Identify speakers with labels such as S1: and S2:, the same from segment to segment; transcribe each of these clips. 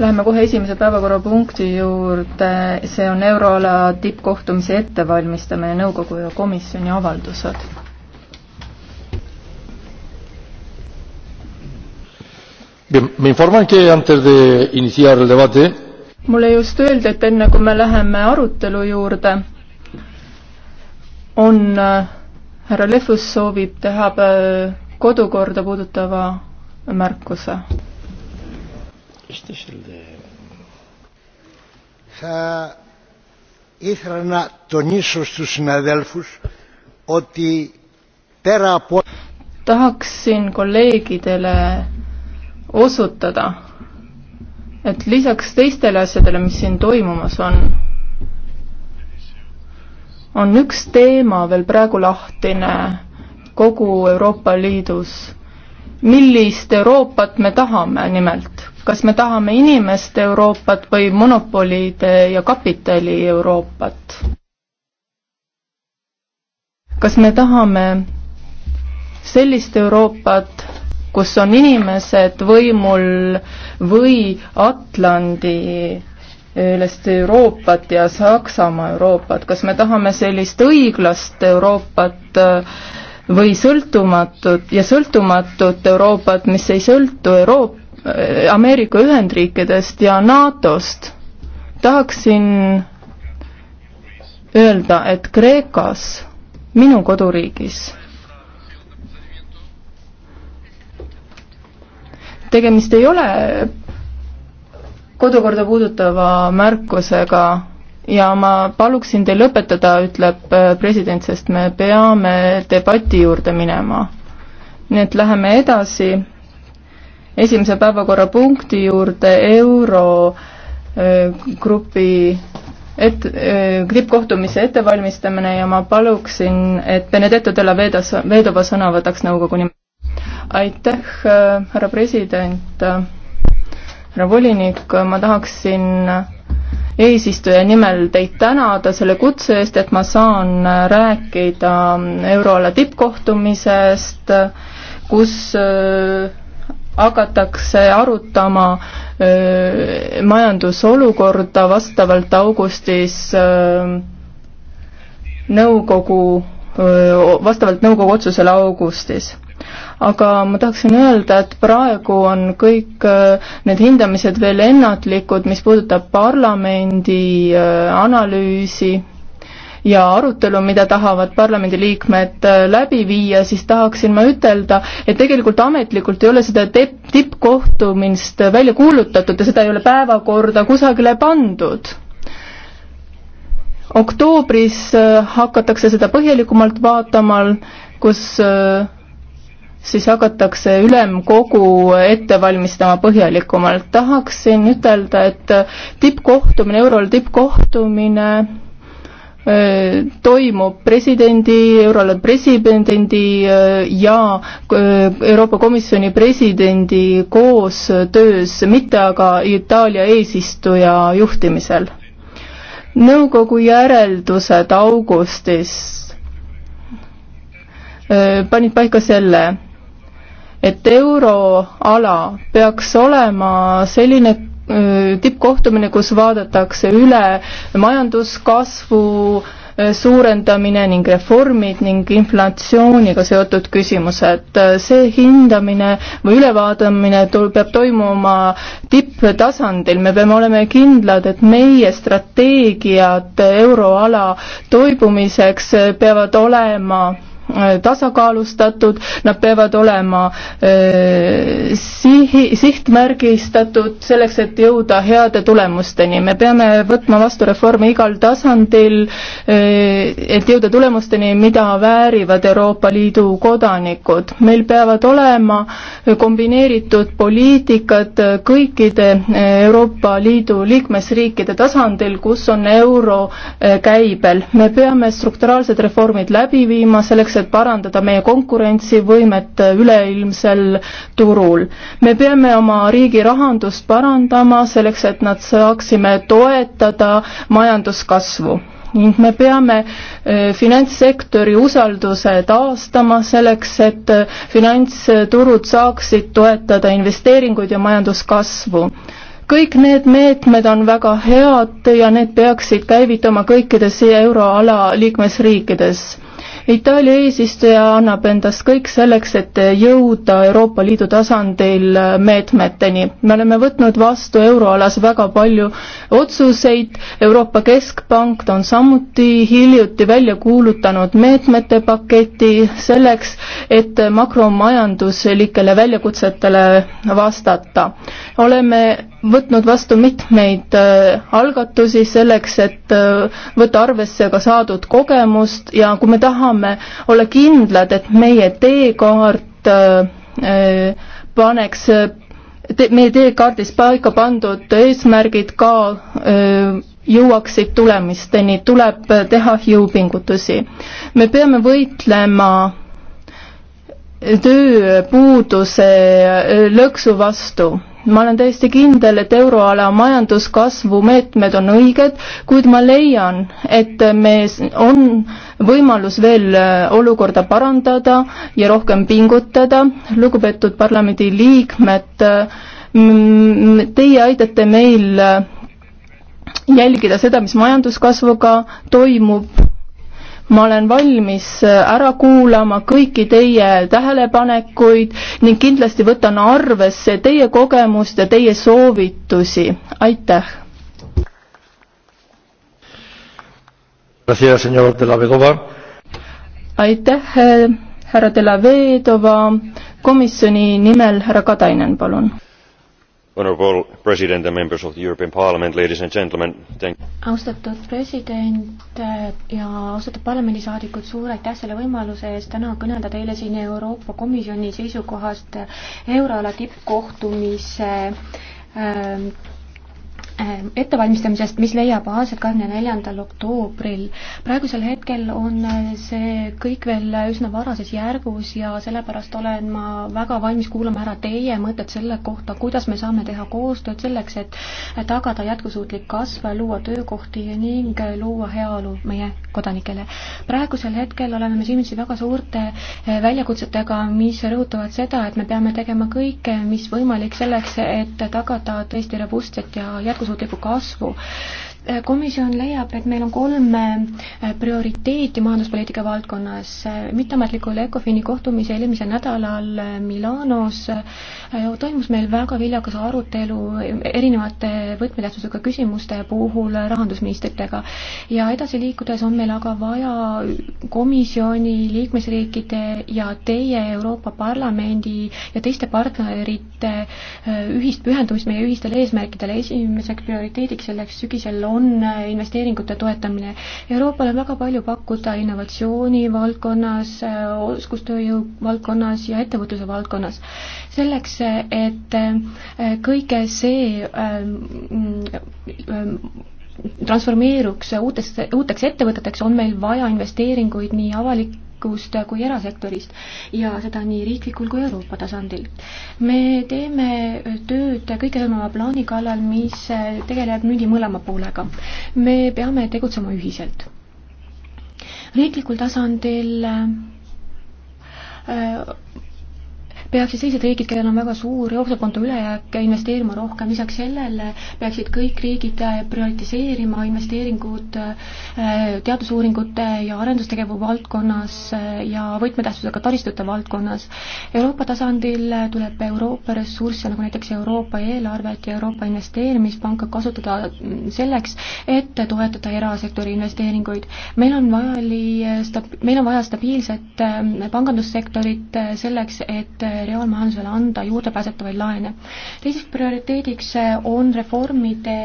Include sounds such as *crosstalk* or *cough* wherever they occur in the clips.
S1: Läheme kohe esimese päevakorrapunkti juurde, see on euroala tippkohtumise ettevalmistamine, nõukogu ja komisjoni avaldused.
S2: Me informan que antes de iniciar el debate
S1: mulle just öeldi, et enne kui me läheme arutelu juurde, on äh, härra Lehvus soovib teha äh, kodukorda puudutava märkuse
S2: Ήρθες Θα ήθελα να τονίσω στους συναδέλφους ότι πέρα από...
S1: Tahaksin kolleegidele osutada, et lisaks teistele asjadele, mis siin toimumas on, on üks teema veel praegu lahtine kogu Euroopa Liidus millist Euroopat me tahame nimelt. kas me tahame inimeste Euroopat või monopolide ja kapitali Euroopat? kas me tahame sellist Euroopat, kus on inimesed võimul või Atlandi üles Euroopat ja Saksamaa Euroopat, kas me tahame sellist õiglast Euroopat äh, või sõltumatut ja sõltumatut Euroopat, mis ei sõltu Euroop-, Ameerika Ühendriikidest ja NATO-st, tahaksin öelda, et Kreekas, minu koduriigis, tegemist ei ole kodukorda puudutava märkusega ja ma paluksin teil lõpetada, ütleb äh, president, sest me peame debati juurde minema. nii et läheme edasi esimese päevakorrapunkti juurde, Eurogrupi äh, et-, äh, tippkohtumise ettevalmistamine ja ma paluksin, et Benedetto della Veda, Vedova sõna võtaks nõukogu nimel. aitäh, härra president, härra volinik, ma tahaksin eesistuja nimel teid tänada selle kutse eest, et ma saan rääkida euroala tippkohtumisest, kus äh, hakatakse arutama äh, majandusolukorda vastavalt augustis äh, nõukogu, vastavalt nõukogu otsusele augustis aga ma tahaksin öelda, et praegu on kõik äh, need hindamised veel ennatlikud, mis puudutab parlamendi äh, analüüsi ja arutelu, mida tahavad parlamendiliikmed äh, läbi viia, siis tahaksin ma ütelda, et tegelikult ametlikult ei ole seda tipp, tippkohtumist välja kuulutatud ja seda ei ole päevakorda kusagile pandud oktoobris hakatakse seda põhjalikumalt vaatama, kus siis hakatakse ülemkogu ette valmistama põhjalikumalt. tahaksin ütelda, et tippkohtumine, eurol tippkohtumine toimub presidendi, eurole presidendi ja Euroopa Komisjoni presidendi koostöös, mitte aga Itaalia eesistuja juhtimisel. nõukogu järeldused augustis panid paika selle, et euroala peaks olema selline äh, tippkohtumine, kus vaadatakse üle majanduskasvu äh, suurendamine ning reformid ning inflatsiooniga seotud küsimused. Äh, see hindamine või ülevaatamine peab toimuma tipptasandil, me peame olema kindlad, et meie strateegiad euroala toibumiseks peavad olema Äh, tasakaalustatud, nad peavad olema äh, sihi, sihtmärgistatud selleks, et jõuda heade tulemusteni. me peame võtma vastu reforme igal tasandil äh,, et jõuda tulemusteni, mida väärivad Euroopa Liidu kodanikud. meil peavad olema kombineeritud poliitikad kõikide äh, Euroopa Liidu liikmesriikide tasandil, kus on euro äh, käibel. me peame strukturaalsed reformid läbi viima selleks, selleks, et parandada meie konkurentsivõimet üleilmsel turul. me peame oma riigi rahandust parandama selleks, et nad saaksime toetada majanduskasvu ning me peame eh, finantssektori usalduse taastama selleks, et finantsturud saaksid toetada investeeringuid ja majanduskasvu kõik need meetmed on väga head ja need peaksid käivituma kõikides euroala liikmesriikides Itaalia eesistuja annab endast kõik selleks, et jõuda Euroopa Liidu tasandil meetmeteni. me oleme võtnud vastu euroalas väga palju otsuseid, Euroopa Keskpank on samuti hiljuti välja kuulutanud meetmete paketi selleks, et makromajanduslikele väljakutsetele vastata. oleme võtnud vastu mitmeid äh, algatusi selleks, et äh, võtta arvesse ka saadud kogemust ja kui me tahame olla kindlad, et meie teekaart äh, paneks te,, meie teekaardis paika pandud eesmärgid ka öö, jõuaksid tulemisteni, tuleb teha jõupingutusi. me peame võitlema tööpuuduse lõksu vastu ma olen täiesti kindel, et euroala majanduskasvu meetmed on õiged, kuid ma leian, et me, on võimalus veel äh, olukorda parandada ja rohkem pingutada, lugupeetud parlamendiliikmed, äh, teie aitate meil äh, jälgida seda, mis majanduskasvuga toimub ma olen valmis äh, ära kuulama kõiki teie tähelepanekuid ning kindlasti võtan arvesse teie kogemust ja teie soovitusi, aitäh. aitäh, äh, härra Delavedova, komisjoni nimel härra Katainen, palun
S2: honourable president and members of the european parliament ladies and gentlemen thank
S3: austatud president äh, ja austatud parlamendisaadikud suur aitäh selle võimaluse eest täna kõnelda teile siin euroopa komisjoni seisukohast euroala tippkohtumise äh, Ähm, ettevalmistamisest, mis leiab aset kahekümne neljandal oktoobril. praegusel hetkel on äh, see kõik veel üsna varases järgus ja sellepärast olen ma väga valmis kuulama ära teie mõtted selle kohta, kuidas me saame teha koostööd selleks, et äh, tagada jätkusuutlik kasv, luua töökohti ning äh, luua heaolu meie kodanikele. praegusel hetkel oleme me silmitsi väga suurte väljakutsetega, mis rõhutavad seda, et me peame tegema kõike, mis võimalik selleks, et tagada tõesti robustset ja jätkusuutlikku jätkusuutlikku kasvu komisjon leiab, et meil on kolm äh, prioriteeti majanduspoliitika valdkonnas. mitteametlikul ECOFIN-i kohtumise eelmisel nädalal äh, Milanos äh, toimus meil väga viljakas arutelu erinevate võtmetähtsusega küsimuste puhul rahandusministritega. ja edasi liikudes on meil aga vaja komisjoni, liikmesriikide ja teie Euroopa Parlamendi ja teiste partnerite ühist pühendumist meie ühistele eesmärkidele. esimeseks prioriteediks selleks sügisel on investeeringute toetamine. Euroopal on väga palju pakkuda innovatsiooni valdkonnas, oskustööjõu valdkonnas ja ettevõtluse valdkonnas. selleks, et äh, kõige see ähm, ähm, transformeeruks uutesse, uuteks ettevõteteks, on meil vaja investeeringuid nii avalik, rikkust kui erasektorist ja seda nii riiklikul kui Euroopa tasandil. me teeme tööd kõige hõlmava plaani kallal, mis tegeleb mündi mõlema poolega. me peame tegutsema ühiselt. riiklikul tasandil öö, äh, peaksid sellised riigid, kellel on väga suur jooksevkonto ülejääk, investeerima rohkem, lisaks sellele peaksid kõik riigid äh, prioritiseerima investeeringud äh, teadusuuringute ja arendustegevuse valdkonnas äh, ja võtmetähtsusega taristute valdkonnas. Euroopa tasandil tuleb Euroopa ressursse, nagu näiteks Euroopa eelarvet ja Euroopa Investeerimispanka kasutada mm, selleks, et toetada erasektori investeeringuid. meil on vajali, meil on vaja stabiilset pangandussektorit selleks, et reaalmajandusele anda juurdepääsetavaid laene. teiseks prioriteediks on reformide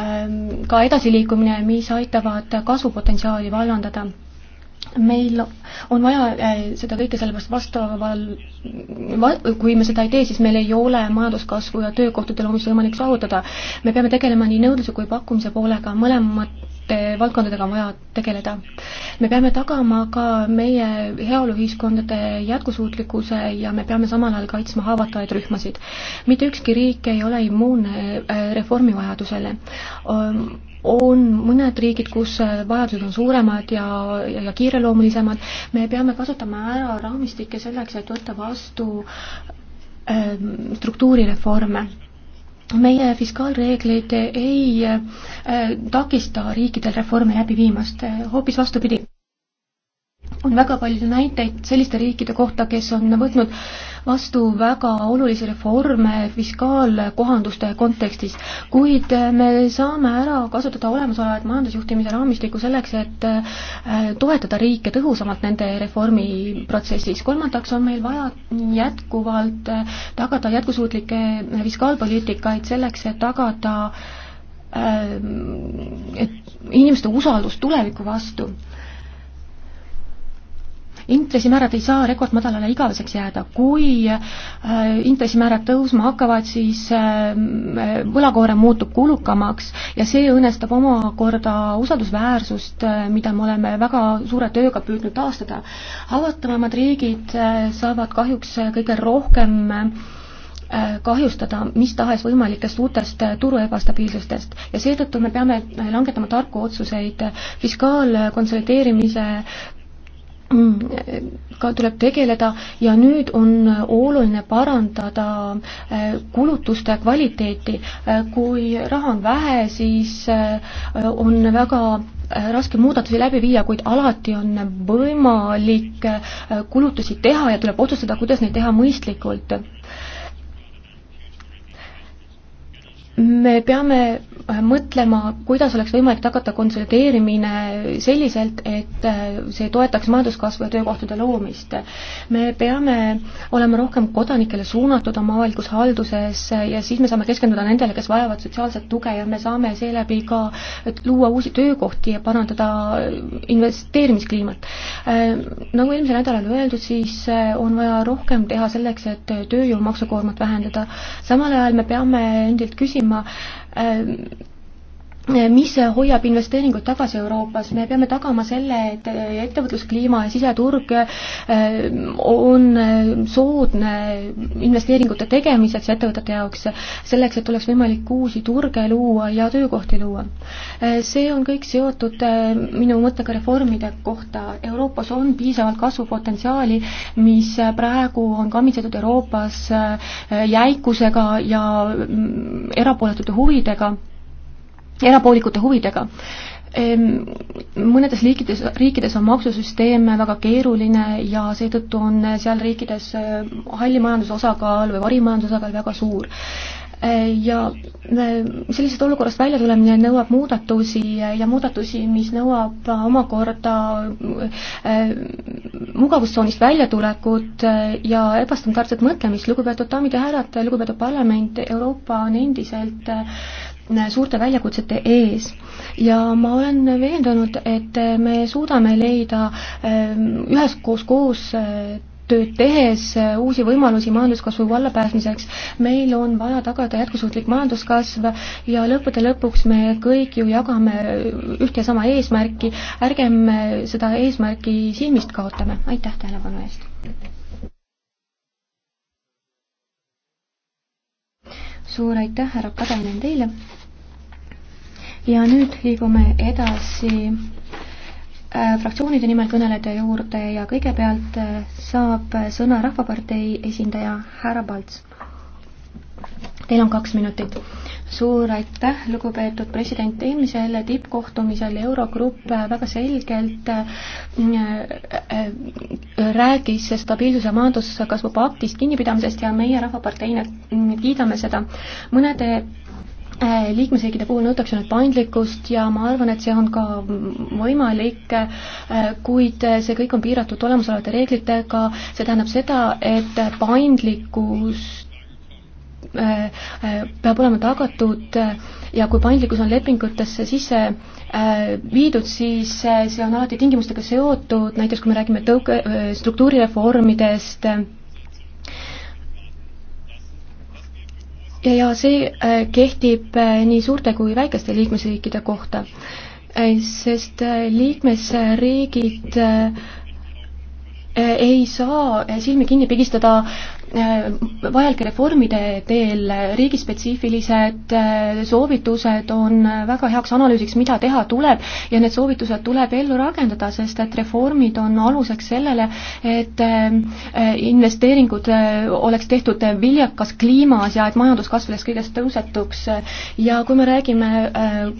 S3: ähm, ka edasiliikumine, mis aitavad kasvupotentsiaali vallandada meil on vaja äh, seda kõike sellepärast vastaval, kui me seda ei tee, siis meil ei ole majanduskasvu ja töökohtade loomist võimalik saavutada. me peame tegelema nii nõudluse kui pakkumise poolega, mõlemat valdkondadega on vaja tegeleda. me peame tagama ka meie heaoluühiskondade jätkusuutlikkuse ja me peame samal ajal kaitsma haavatavaid rühmasid. mitte ükski riik ei ole immuunne äh, reformi vajadusele. Ähm, on mõned riigid, kus äh, vajadused on suuremad ja, ja, ja kiireloomulisemad, me peame kasutama ära raamistikke selleks, et võtta vastu ähm, struktuurireforme meie fiskaalreegleid ei äh, takista riikidel reforme läbi viimast, hoopis vastupidi. on väga palju näiteid selliste riikide kohta, kes on võtnud vastu väga olulisi reforme fiskaalkohanduste kontekstis, kuid me saame ära kasutada olemasolevat majandusjuhtimise raamistikku selleks, et äh, toetada riike tõhusamalt nende reformiprotsessis. kolmandaks on meil vaja jätkuvalt äh, tagada jätkusuutlikke fiskaalpoliitikaid selleks, et tagada äh, et inimeste usaldus tuleviku vastu intressimäärad ei saa rekordmadalale igaveseks jääda, kui äh, intressimäärad tõusma hakkavad, siis äh, võlakoorem muutub kulukamaks ja see õõnestab omakorda usaldusväärsust, äh, mida me oleme väga suure tööga püüdnud taastada. haavatavamad riigid saavad kahjuks kõige rohkem kahjustada mis tahes võimalikest uutest turu ebastabiilsustest ja seetõttu me peame langetama tarku otsuseid. fiskaalkonsolideerimise Mm, ka tuleb tegeleda ja nüüd on oluline parandada äh, kulutuste kvaliteeti. Äh, kui raha on vähe, siis äh, on väga raske muudatusi läbi viia, kuid alati on võimalik kulutusi teha ja tuleb otsustada, kuidas neid teha mõistlikult me peame mõtlema, kuidas oleks võimalik tagada konsolideerimine selliselt, et äh, see toetaks majanduskasvu ja töökohtade loomist. me peame olema rohkem kodanikele suunatud oma avalikus halduses ja siis me saame keskenduda nendele, kes vajavad sotsiaalset tuge ja me saame seeläbi ka luua uusi töökohti ja parandada investeerimiskliimat. Äh, nagu eelmisel nädalal öeldud, siis äh, on vaja rohkem teha selleks, et tööjõu maksukoormat vähendada. samal ajal me peame endilt küsima, maailma mis hoiab investeeringud tagasi Euroopas, me peame tagama selle, et äh, ettevõtluskliima ja siseturg äh, on äh, soodne investeeringute tegemiseks ja ettevõtete jaoks, selleks, et oleks võimalik uusi turge luua ja töökohti luua. see on kõik seotud minu mõttega reformide kohta, Euroopas on piisavalt kasvupotentsiaali, mis praegu on kammitsetud Euroopas jäikusega ja mm, erapooletute huvidega erapoolikute huvidega. Ehm, mõnedes liikides, riikides on maksusüsteem väga keeruline ja seetõttu on seal riikides eh, halli majanduse osakaal või varimajanduse osakaal väga suur eh, ja eh, sellisest olukorrast välja tulemine nõuab muudatusi ja muudatusi, mis nõuab omakorda mugavustsoonist väljatulekut ja ebastandardset mõtlemist. lugupeetud daamid ja härrad, lugupeetud parlament, Euroopa on endiselt äh, suurte väljakutsete ees ja ma olen veendunud, et me suudame leida ähm, üheskoos koos äh, tööd tehes äh, uusi võimalusi majanduskasvu vallapääsmiseks. meil on vaja tagada jätkusuutlik majanduskasv ja lõppude lõpuks me kõik ju jagame äh, ühte ja sama eesmärki, ärgem seda eesmärki silmist kaotame, aitäh tähelepanu eest! suur aitäh, härra Kadanen teile! ja nüüd liigume edasi äh, fraktsioonide nimel kõnelejate juurde ja kõigepealt äh, saab sõna Rahvapartei esindaja härra Palts. Teil on kaks minutit. suur aitäh, lugupeetud president, eelmisel tippkohtumisel Eurogrupp äh, väga selgelt rääkis stabiilsuse majanduskasvu paktist kinnipidamisest ja meie Rahvaparteina mm, kiidame seda. mõnede Äh, liikmesriikide puhul nõutakse nüüd paindlikkust ja ma arvan, et see on ka võimalik, äh, kuid see kõik on piiratud olemasolevate reeglitega, see tähendab seda, et paindlikkus äh, peab olema tagatud ja kui paindlikkus on lepingutesse sisse viidud, siis see on alati tingimustega seotud, näiteks kui me räägime tõuke, struktuurireformidest, ja see äh, kehtib äh, nii suurte kui väikeste liikmesriikide kohta, äh, sest liikmesriigid ei saa silmi kinni pigistada Äh, vajalike reformide teel, riigispetsiifilised äh, soovitused on väga heaks analüüsiks, mida teha tuleb ja need soovitused tuleb ellu rakendada, sest et reformid on aluseks sellele, et äh, investeeringud oleks tehtud viljakas kliimas ja et majanduskasv sellest kõigest tõusetuks. ja kui me räägime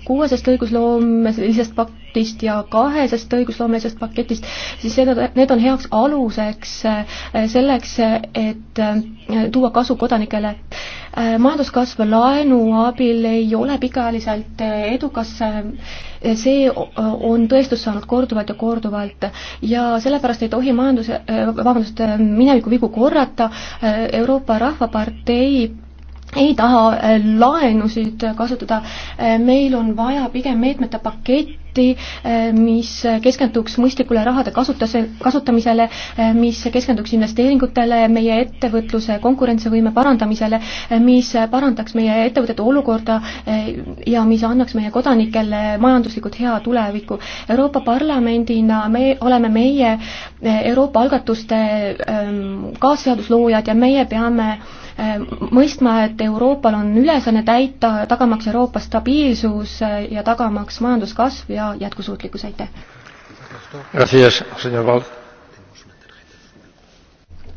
S3: kuuesest õigusloomelisest paktist ja kahesest õigusloomelisest paketist, siis need on heaks aluseks selleks, et et äh, tuua kasu kodanikele. Äh, majanduskasv laenu abil ei ole pikaajaliselt äh, edukas, see on tõestust saanud korduvalt ja korduvalt ja sellepärast ei tohi majanduse, vabandust, minevikuvigu korrata, Euroopa Rahvapartei ei taha äh, laenusid kasutada, äh, meil on vaja pigem meetmete paketti, äh, mis keskenduks mõistlikule rahade kasutuse, kasutamisele, mis keskenduks investeeringutele, meie ettevõtluse konkurentsivõime parandamisele, mis parandaks meie ettevõtete olukorda ja mis annaks meie kodanikele majanduslikult hea tuleviku. Euroopa Parlamendina me oleme meie Euroopa algatuste ähm, kaasseadusloojad ja meie peame äh, Äh, mõistma, et Euroopal on ülesanne täita, tagamaks Euroopa stabiilsus äh, ja tagamaks majanduskasv ja jätkusuutlikkus, aitäh!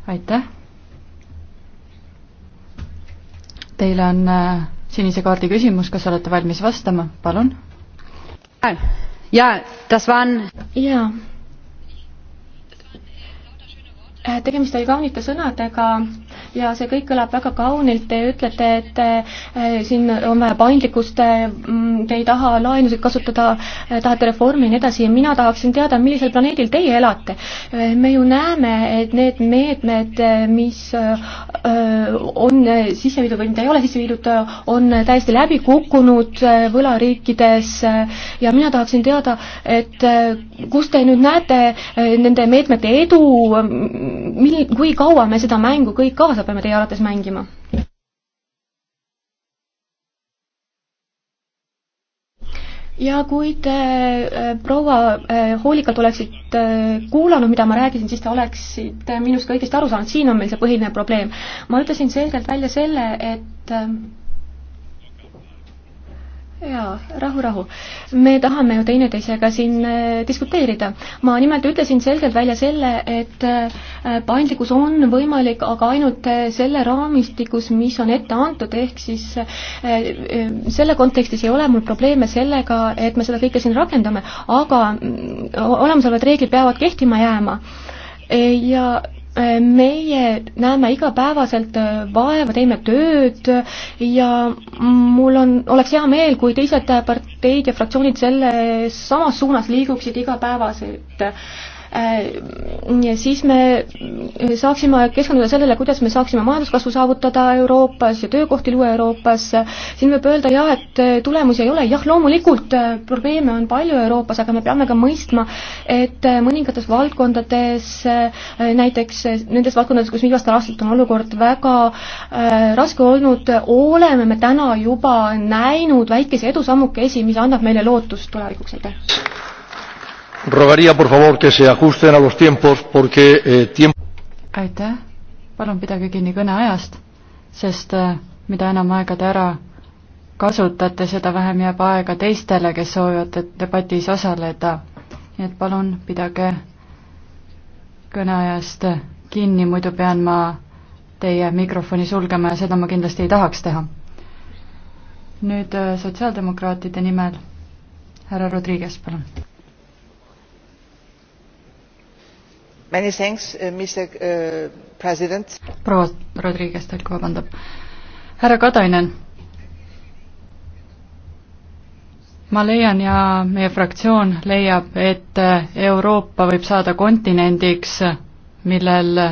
S3: aitäh!
S4: Teil on äh, sinise kaardi küsimus, kas olete valmis vastama, palun?
S3: jaa, das waren jaa. tegemist oli kaunite sõnadega ja see kõik kõlab väga kaunilt, te ütlete, et eh, siin on vaja paindlikkust, eh, mm, te ei taha laenusid kasutada, eh, tahate reformi ja nii edasi, mina tahaksin teada, millisel planeedil teie elate. me ju näeme, et need meetmed, mis on sisse viidud või mida ei ole sisse viidud, on täiesti läbi kukkunud võlariikides ja mina tahaksin teada, et kus te nüüd näete nende meetmete edu, mil-, kui kaua me seda mängu kõik kaasa kaasa peame teie arvates mängima? ja kui te äh, proua äh, hoolikalt oleksite äh, kuulanud, mida ma rääkisin, siis te oleksite minust ka õigesti aru saanud, siin on meil see põhiline probleem. ma ütlesin selgelt välja selle, et jaa, rahu, rahu. me tahame ju teineteisega siin äh, diskuteerida. ma nimelt ütlesin selgelt välja selle, et äh, paindlikkus on võimalik, aga ainult äh, selle raamistikus, mis on ette antud, ehk siis selle kontekstis ei ole mul probleeme sellega, et me seda kõike siin rakendame, aga mm, olemasolevad reeglid peavad kehtima jääma. ja meie näeme igapäevaselt äh, vaeva, teeme tööd ja mul on, oleks hea meel, kui teised äh, parteid ja fraktsioonid selles samas suunas liiguksid igapäevaselt Äh, siis me saaksime keskenduda sellele, kuidas me saaksime majanduskasvu saavutada Euroopas ja töökohti luua Euroopas, siin võib öelda jah, et tulemusi ei ole, jah, loomulikult äh, probleeme on palju Euroopas, aga me peame ka mõistma, et äh, mõningates valdkondades, näiteks nendes valdkondades, kus viimastel aastatel on olukord väga raske olnud, oleme me täna juba näinud väikese edusammukesi, mis annab meile lootust tulevikuks, aitäh!
S2: Rogaria, por favor, que se ajusten a los tiempos, porque eh, tiempo...
S3: aitäh,
S4: palun pidage kinni kõneajast, sest eh, mida enam aega te ära kasutate, seda vähem jääb aega teistele, kes soovivad debatis osaleda. nii et palun pidage kõneajast kinni, muidu pean ma teie mikrofoni sulgema ja seda ma kindlasti ei tahaks teha. nüüd eh, sotsiaaldemokraatide nimel härra Rodriguez, palun Uh, uh, proua Rodriguez tõlk vabandab. härra Katainen, ma leian ja meie fraktsioon leiab, et Euroopa võib saada kontinendiks, millel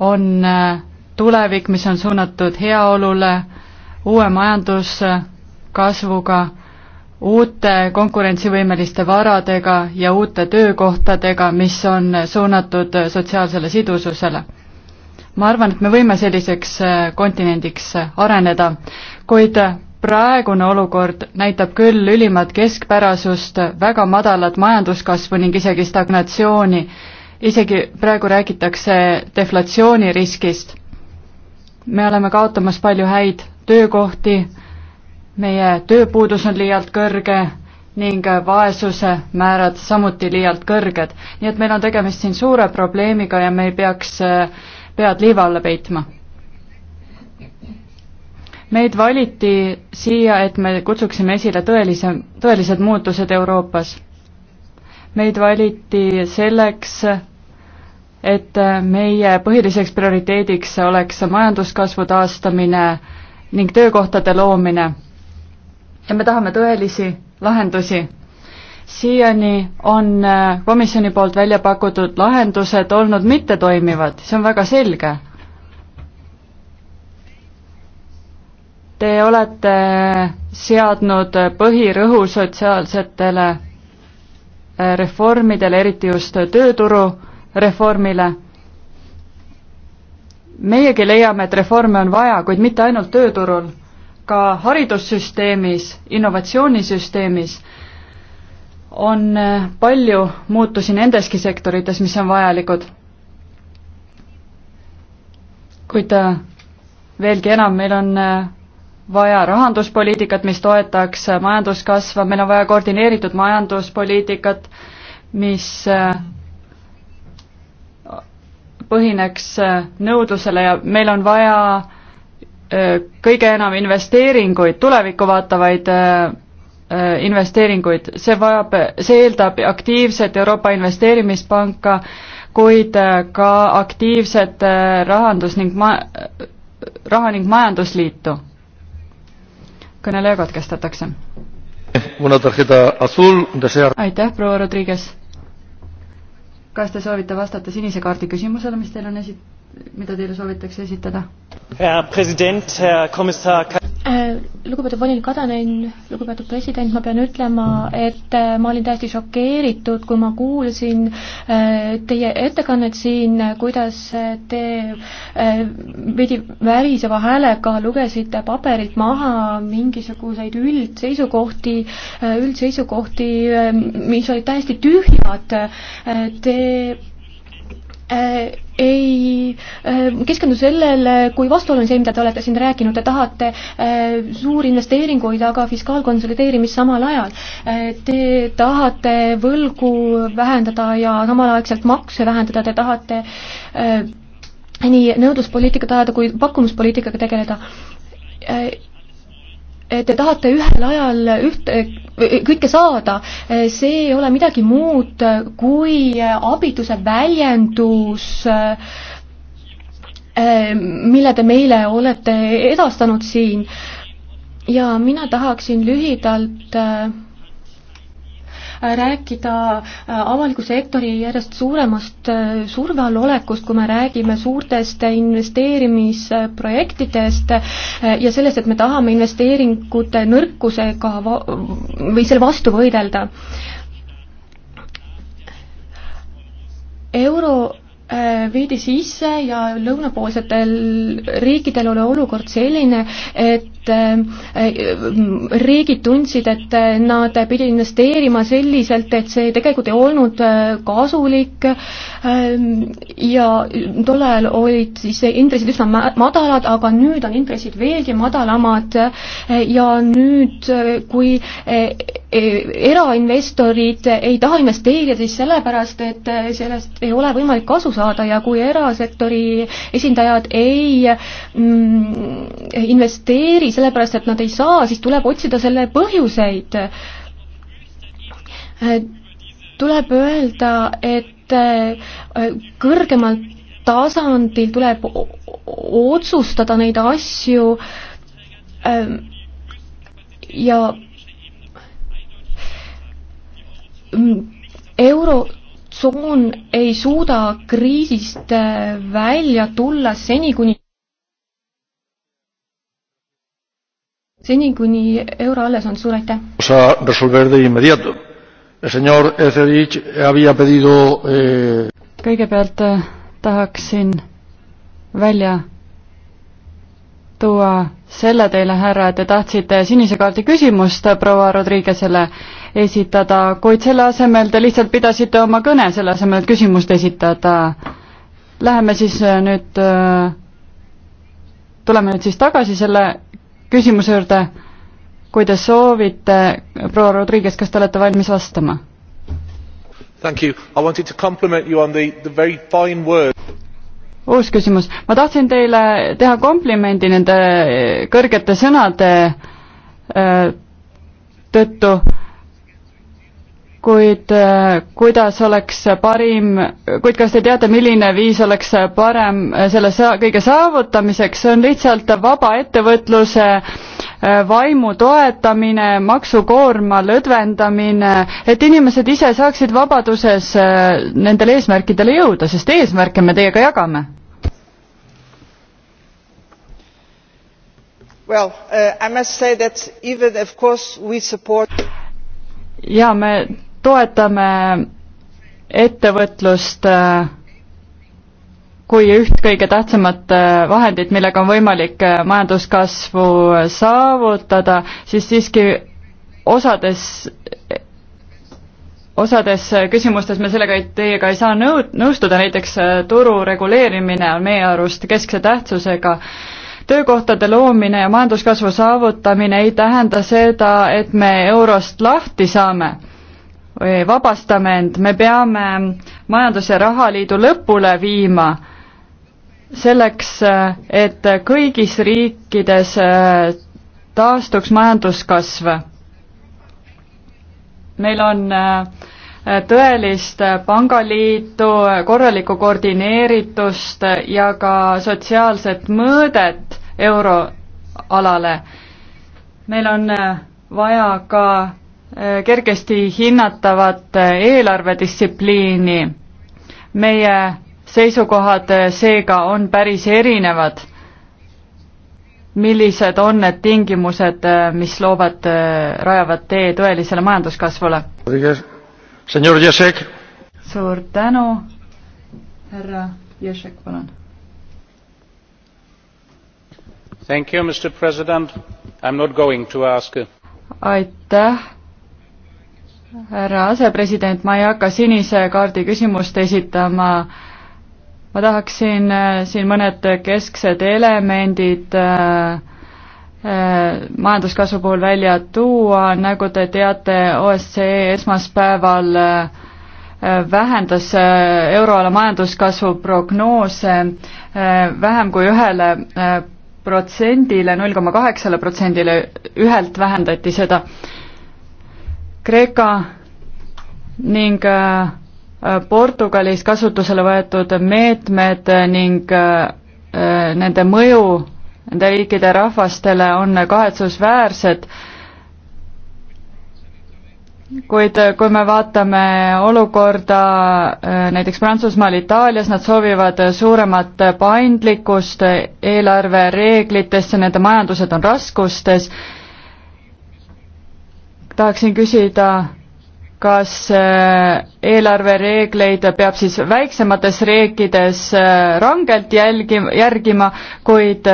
S4: on äh, tulevik, mis on suunatud heaolule, uue majanduskasvuga uute konkurentsivõimeliste varadega ja uute töökohtadega, mis on suunatud sotsiaalsele sidususele. ma arvan, et me võime selliseks äh, kontinendiks äh, areneda, kuid praegune olukord näitab küll ülimat keskpärasust, väga madalat majanduskasvu ning isegi stagnatsiooni. isegi praegu räägitakse deflatsiooniriskist. me oleme kaotamas palju häid töökohti meie tööpuudus on liialt kõrge ning vaesuse määrad samuti liialt kõrged. nii et meil on tegemist siin suure probleemiga ja me ei peaks eh, pead liiva alla peitma. meid valiti siia, et me kutsuksime esile tõelise, tõelised muutused Euroopas. meid valiti selleks, et meie põhiliseks prioriteediks oleks majanduskasvu taastamine ning töökohtade loomine ja me tahame tõelisi lahendusi. siiani on äh, komisjoni poolt välja pakutud lahendused olnud mittetoimivad, see on väga selge. Te olete seadnud põhirõhu sotsiaalsetele äh, reformidele, eriti just tööturu reformile. meiegi leiame, et reforme on vaja, kuid mitte ainult tööturul ka haridussüsteemis, innovatsioonisüsteemis on äh, palju muutusi nendeski sektorites, mis on vajalikud. kuid äh, veelgi enam, meil on äh, vaja rahanduspoliitikat, mis toetaks majanduskasva, meil on vaja koordineeritud majanduspoliitikat, mis põhineks nõudlusele ja meil on vaja Äh, kõige enam investeeringuid, tulevikku vaatavaid äh, äh, investeeringuid, see vajab, see eeldab aktiivset Euroopa Investeerimispanka, kuid ka aktiivset rahandus ning ma-, raha- ning majandusliitu. kõneleja katkestatakse. aitäh, proua Rodriguez. kas te soovite vastata sinise kaardi küsimusele, mis teil on esi-?
S3: mida teile soovitakse esitada?
S2: härra president, härra komissar
S3: äh, lugupeetud volinik Kadanen, lugupeetud president, ma pean ütlema, et äh, ma olin täiesti šokeeritud, kui ma kuulsin äh, teie ettekannet siin, kuidas te veidi väriseva häälega lugesite paberilt maha mingisuguseid üldseisukohti, üldseisukohti, mis olid täiesti tühjad. Te ei äh, keskendu sellele, kui vastuoluline see, mida te olete siin rääkinud, te tahate äh, suuri investeeringuid, aga fiskaalkonsolideerimist samal ajal. Äh, te tahate võlgu vähendada ja samalaegselt makse vähendada, te tahate nii nõudluspoliitikat ajada kui pakkumuspoliitikaga tegeleda te tahate ühel ajal üht, kõike saada, see ei ole midagi muud kui abiduse väljendus, mille te meile olete edastanud siin. ja mina tahaksin lühidalt äh, rääkida äh, avaliku sektori järjest suuremast äh, surve all olekust, kui me räägime suurtest investeerimisprojektidest äh, ja sellest, et me tahame investeeringute nõrkusega või selle vastu võidelda euro Äh, viidi sisse ja lõunapoolsetel riikidel oli olukord selline, et äh, riigid tundsid, et äh, nad pidid investeerima selliselt, et see tegelikult ei olnud kasulik ähm, ja tol ajal olid siis intressid üsna madalad, aga nüüd on intressid veelgi madalamad ja nüüd, kui E, erainvestorid ei taha investeerida siis sellepärast, et sellest ei ole võimalik kasu saada ja kui erasektori esindajad ei mm, investeeri sellepärast, et nad ei saa, siis tuleb otsida selle põhjuseid. Äh, tuleb öelda, et äh, kõrgemal tasandil tuleb otsustada neid asju ähm, ja eurotsoon ei suuda kriisist äh, välja tulla seni, kuni seni, kuni euro alles on, suur aitäh!
S2: Eh,
S4: kõigepealt äh, tahaksin välja tuua selle teile, härra, et te tahtsite sinise kaardi küsimust proua Rodriguez'ele esitada, kuid selle asemel te lihtsalt pidasite oma kõne, selle asemel, et küsimust esitada. Läheme siis äh, nüüd, äh, tuleme nüüd siis tagasi selle küsimuse juurde. kui te soovite, proua Rodriguez, kas te olete valmis vastama?
S2: Thank you. I wanted to compliment you on the, the very fine words
S4: uus küsimus. ma tahtsin teile teha komplimendi nende kõrgete sõnade äh, tõttu, kuid äh, kuidas oleks parim, kuid kas te teate, milline viis oleks parem äh, selle sa-, kõige saavutamiseks, see on lihtsalt vaba ettevõtluse vaimu toetamine, maksukoorma lõdvendamine, et inimesed ise saaksid vabaduses nendele eesmärkidele jõuda, sest eesmärke me teiega jagame Well, uh, support... ja me toetame ettevõtlust äh, kui üht kõige tähtsamat äh, vahendit, millega on võimalik äh, majanduskasvu saavutada, siis siiski osades, osades küsimustes me sellega teiega ei saa nõu-, nõustuda, näiteks turu reguleerimine on meie arust keskse tähtsusega töökohtade loomine ja majanduskasvu saavutamine ei tähenda seda, et me eurost lahti saame või vabastame end, me peame majandus- ja rahaliidu lõpule viima selleks, et kõigis riikides eh, taastuks majanduskasv. meil on eh, tõelist pangaliitu, korralikku koordineeritust ja ka sotsiaalset mõõdet euroalale. meil on äh, vaja ka äh, kergesti hinnatavat äh, eelarvedistsipliini. meie seisukohad seega on päris erinevad. millised on need tingimused, mis loovad, rajavad tee tõelisele majanduskasvule? suur tänu, härra Ješek,
S2: palun Uh,
S4: aitäh, härra asepresident, ma ei hakka sinise kaardi küsimust esitama. ma tahaksin äh, siin mõned kesksed elemendid äh, äh, majanduskasvu puhul välja tuua, nagu te teate, OSCE esmaspäeval äh, vähendas euroala majanduskasvu prognoose vähem kui ühele protsendile, null koma kaheksale protsendile, ühelt vähendati seda. Kreeka ning äh, Portugalis kasutusele võetud meetmed ning äh, nende mõju nende riikide rahvastele on kahetsusväärsed kuid äh, kui me vaatame olukorda äh, näiteks Prantsusmaal, Itaalias, nad soovivad äh, suuremat paindlikkust eelarvereeglitesse, nende majandused on raskustes. tahaksin küsida, kas eelarvereegleid peab siis väiksemates riikides rangelt jälgi, järgima, kuid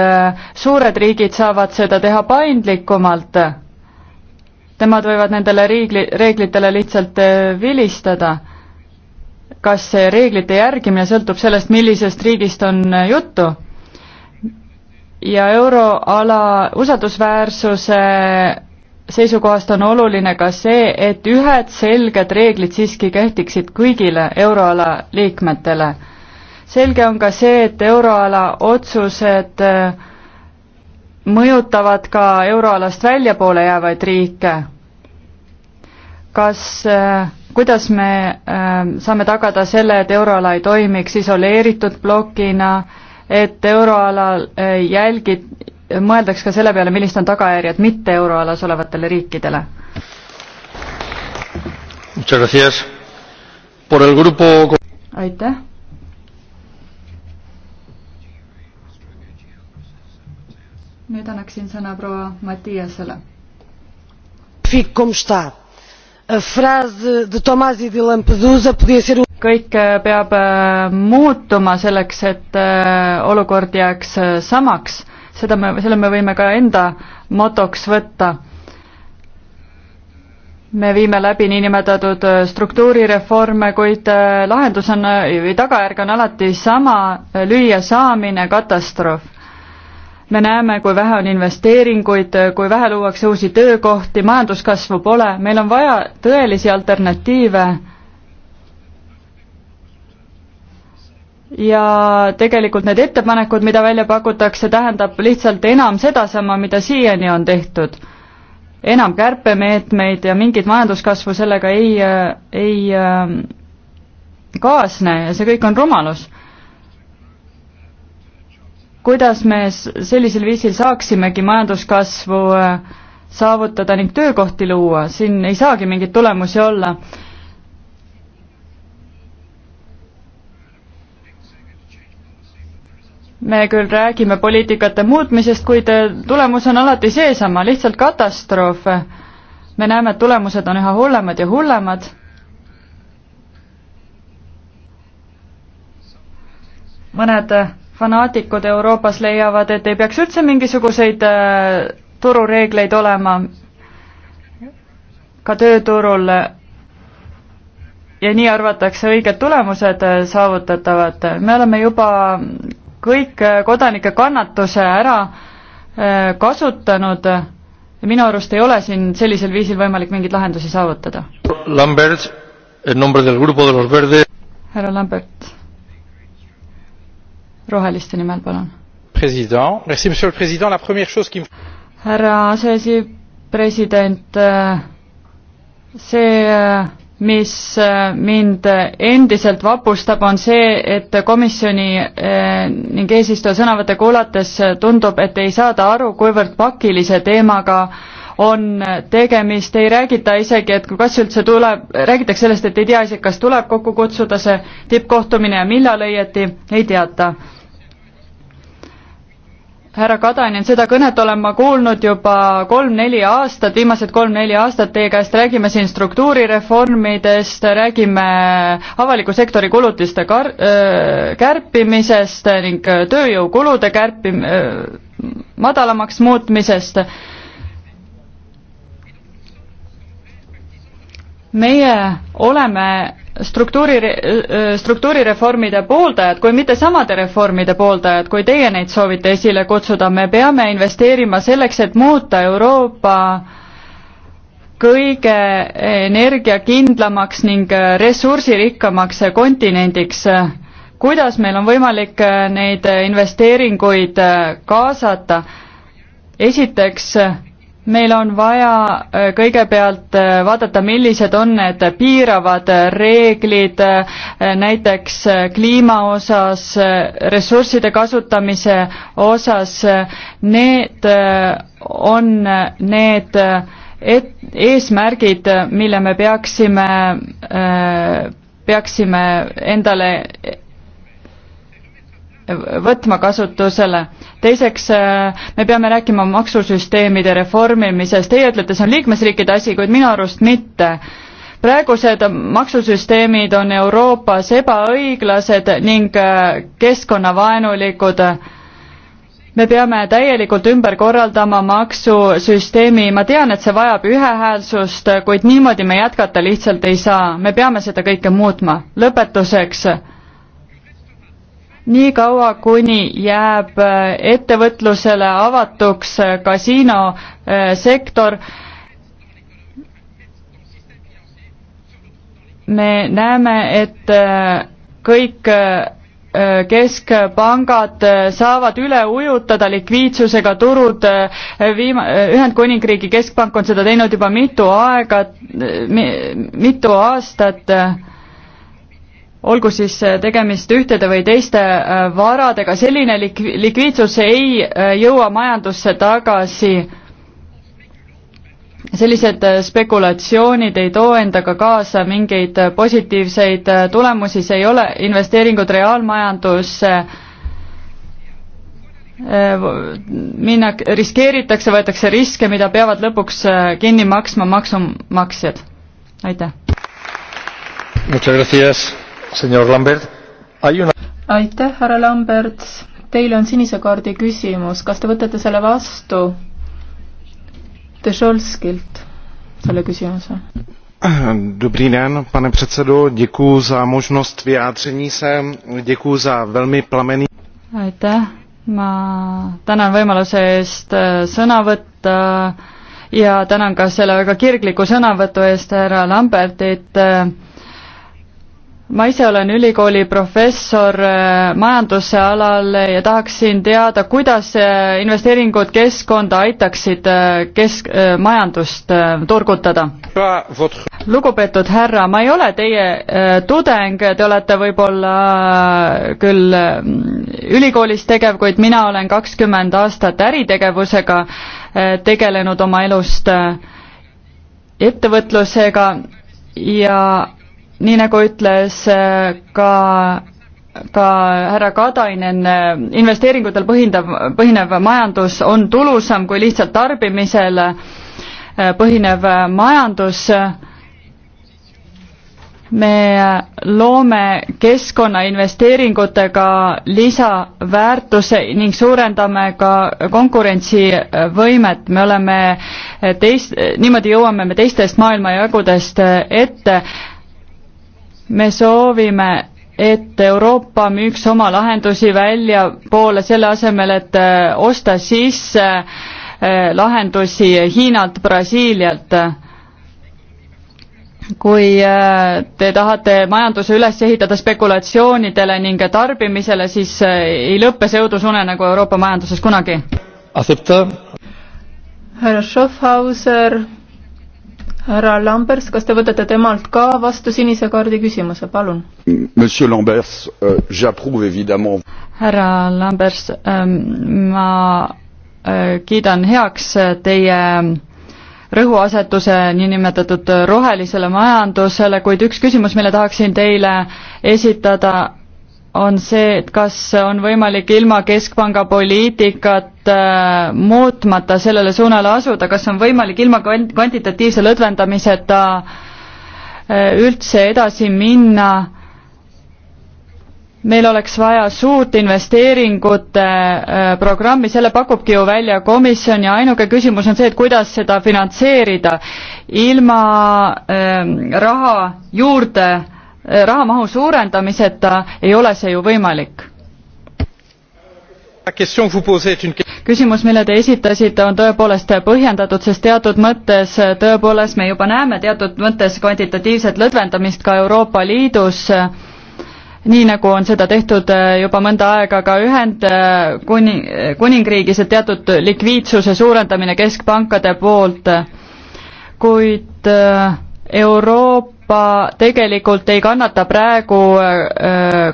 S4: suured riigid saavad seda teha paindlikumalt nemad võivad nendele riigli, reeglitele lihtsalt äh, vilistada. kas see reeglite järgimine sõltub sellest, millisest riigist on äh, juttu? ja euroala usaldusväärsuse seisukohast on oluline ka see, et ühed selged reeglid siiski kehtiksid kõigile euroala liikmetele. selge on ka see, et euroala otsused äh, mõjutavad ka euroalast väljapoole jäävaid riike. kas, äh, kuidas me äh, saame tagada selle, et euroala ei toimiks isoleeritud plokina, et euroalal äh, jälgid, mõeldaks ka selle peale, millised on tagajärjed mitte euroalas olevatele riikidele? aitäh nüüd annaksin sõna proua Mattiasele. E um- kõik eh, peab eh, muutuma selleks, et eh, olukord jääks samaks, seda me, selle me võime ka enda motoks võtta me viime läbi niinimetatud struktuurireforme, kuid lahendus on või tagajärg on alati sama, lüüasaamine, katastroof me näeme, kui vähe on investeeringuid, kui vähe luuakse uusi töökohti, majanduskasvu pole, meil on vaja tõelisi alternatiive. ja tegelikult need ettepanekud, mida välja pakutakse, tähendab lihtsalt enam sedasama, mida siiani on tehtud. enam kärpemeetmeid ja mingit majanduskasvu sellega ei, ei äh, kaasne ja see kõik on rumalus kuidas me sellisel viisil saaksimegi majanduskasvu äh, saavutada ning töökohti luua, siin ei saagi mingeid tulemusi olla. me küll räägime poliitikate muutmisest, kuid äh, tulemus on alati seesama, lihtsalt katastroof. me näeme, et tulemused on üha hullemad ja hullemad mõned äh, fanaatikud Euroopas leiavad, et ei peaks üldse mingisuguseid äh, turureegleid olema ka tööturul ja nii arvatakse õiged tulemused äh, saavutatavad. me oleme juba kõik äh, kodanike kannatuse ära kasutanud ja minu arust ei ole siin sellisel viisil võimalik mingeid lahendusi saavutada.
S2: Lambert, en nombre del grupo de los verdes.
S4: härra Lambert roheliste nimel, palun. härra aseesipresident, äh, see, äh, mis äh, mind endiselt vapustab, on see, et komisjoni ning eesistuja sõnavõtte kuulates tundub, et ei saada aru, kuivõrd pakilise teemaga on tegemist, ei räägita isegi, et kas üldse tuleb, räägitakse sellest, et ei tea isegi, kas tuleb kokku kutsuda see tippkohtumine ja millal õieti, ei teata härra Kadanen, seda kõnet olen ma kuulnud juba kolm-neli aastat, viimased kolm-neli aastat teie käest räägime siin struktuurireformidest, räägime avaliku sektori kulutiste kar-, kärpimisest ning tööjõukulude kärpim-, madalamaks muutmisest meie oleme struktuuri, äh, struktuurireformide pooldajad, kui mitte samade reformide pooldajad, kui teie neid soovite esile kutsuda, me peame investeerima selleks, et muuta Euroopa kõige energiakindlamaks ning ressursirikkamaks kontinendiks. kuidas meil on võimalik neid investeeringuid kaasata? esiteks meil on vaja äh, kõigepealt äh, vaadata, millised on need piiravad äh, reeglid näiteks kliima osas, ressursside kasutamise osas, need on need et-, eesmärgid, mille me peaksime, peaksime endale võtma kasutusele. teiseks, äh, me peame rääkima maksusüsteemide reformimisest, teie ütlete, see on liikmesriikide asi, kuid minu arust mitte praegused maksusüsteemid on Euroopas ebaõiglased ning äh, keskkonnavaenulikud. me peame täielikult ümber korraldama maksusüsteemi, ma tean, et see vajab ühehäälsust, kuid niimoodi me jätkata lihtsalt ei saa, me peame seda kõike muutma. lõpetuseks nii kaua, kuni jääb äh, ettevõtlusele avatuks äh, kasiinosektor, äh, me näeme, et kõik keskpangad saavad üle ujutada likviidsusega turud, viima-, Ühendkuningriigi keskpank on seda teinud juba mitu aega, mitu aastat olgu siis äh, tegemist ühtede või teiste äh, varadega, selline lik-, likviidsus ei äh, jõua majandusse tagasi. sellised spekulatsioonid ei too endaga kaasa mingeid positiivseid tulemusi, see ei ole investeeringud reaalmajandusse minna, riskeeritakse, võetakse riske, mida peavad lõpuks kinni maksma maksumaksjad. aitäh! aitäh,
S1: härra Lamberts, teile on sinise kaardi küsimus, kas te võtate selle vastu Dešolskilt, selle küsimuse?
S2: Dobrý den, pane předsedo, děkuji za možnost vyjádření se, děkuji za velmi plamený.
S4: Aitäh, ma tänan võimaluse eest äh, sõna võtta ja tänan ka selle väga kirgliku sõnavõtu eest härra Lambertit äh, ma ise olen ülikooli professor äh, majanduse alal ja tahaksin teada, kuidas äh, investeeringud keskkonda aitaksid äh, kesk-, majandust turgutada? lugupeetud härra, ma ei ole teie tudeng, te olete võib-olla küll mm, ülikoolis tegev, kuid mina olen kakskümmend aastat äritegevusega tegelenud oma elust ettevõtlusega ja nii nagu ütles äh, ka ka härra Katainen, äh, investeeringutel põhindav, põhinev majandus on tulusam kui lihtsalt tarbimisel äh, põhinev majandus. me loome keskkonnainvesteeringutega lisaväärtuse ning suurendame ka konkurentsivõimet, me oleme teist, niimoodi jõuame me teistest maailmajagudest ette me soovime, et Euroopa müüks oma lahendusi väljapoole selle asemel, et äh, osta sisse äh, lahendusi Hiinalt, Brasiilialt kui äh, te tahate majanduse üles ehitada spekulatsioonidele ning tarbimisele, siis ei lõppe see õudusune nagu Euroopa majanduses kunagi.
S1: härra Schaffhauser härra Lambers, kas te võtate temalt ka vastu sinise kaardi küsimuse, palun?
S2: Monsieur Lambers äh,, j'approuve évidemment.
S4: härra Lambers äh,, ma äh, kiidan heaks teie rõhuasetuse niinimetatud rohelisele majandusele, kuid üks küsimus, mille tahaksin teile esitada, on see, et kas on võimalik ilma keskpanga poliitikat äh, muutmata sellele suunale asuda, kas on võimalik ilma kvantitatiivse lõdvendamiseta äh, üldse edasi minna? meil oleks vaja suurt investeeringute äh, programmi, selle pakubki ju välja komisjon ja ainuke küsimus on see, et kuidas seda finantseerida ilma äh, raha juurde Äh, rahamahu suurendamiseta ei ole see ju võimalik. küsimus, mille te esitasite, on tõepoolest põhjendatud, sest teatud mõttes äh, tõepoolest me juba näeme teatud mõttes kvantitatiivset lõdvendamist ka Euroopa Liidus äh, nii nagu on seda tehtud juba mõnda aega ka Ühendkuni-, Kuningriigis, et teatud likviidsuse suurendamine keskpankade poolt, kuid Euroopa Euroopa tegelikult ei kannata praegu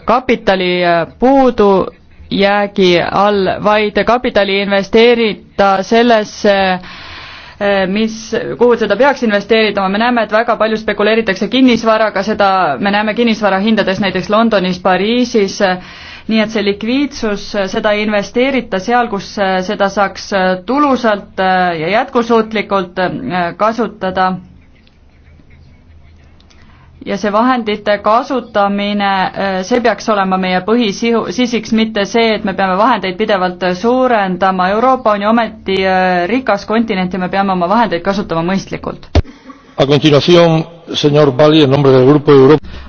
S4: kapitali puudujäägi all, vaid kapitali investeerida sellesse, mis, kuhu seda peaks investeerima, me näeme, et väga palju spekuleeritakse kinnisvaraga, seda me näeme kinnisvara hindades näiteks Londonis, Pariisis, nii et see likviidsus, seda ei investeerita seal, kus seda saaks tulusalt ja jätkusuutlikult kasutada ja see vahendite kasutamine, äh, see peaks olema meie põhisihu, sisiks, mitte see, et me peame vahendeid pidevalt äh, suurendama, Euroopa on ju ometi äh, rikas kontinent ja me peame oma vahendeid kasutama
S2: mõistlikult.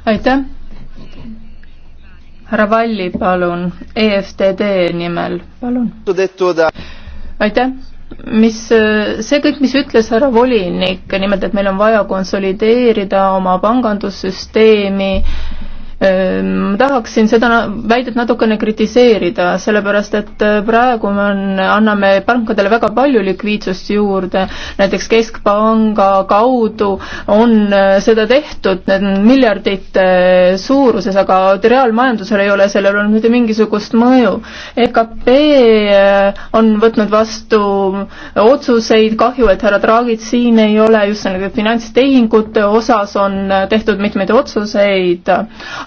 S2: aitäh,
S1: härra Valli, palun, EFTD nimel, palun. aitäh mis, see kõik, mis ütles härra volinik, nimelt et meil on vaja konsolideerida oma pangandussüsteemi, Ehm, ma tahaksin seda väidet natukene kritiseerida, sellepärast et äh, praegu me on, anname pankadele väga palju likviidsust juurde, näiteks Keskpanga kaudu on äh, seda tehtud, need on miljardite äh, suuruses, aga reaalmajandusel ei ole sellel olnud mitte mingisugust mõju. EKP on võtnud vastu otsuseid, kahju, et härra Draagit siin ei ole, just nende finantstehingute osas on tehtud mitmeid otsuseid,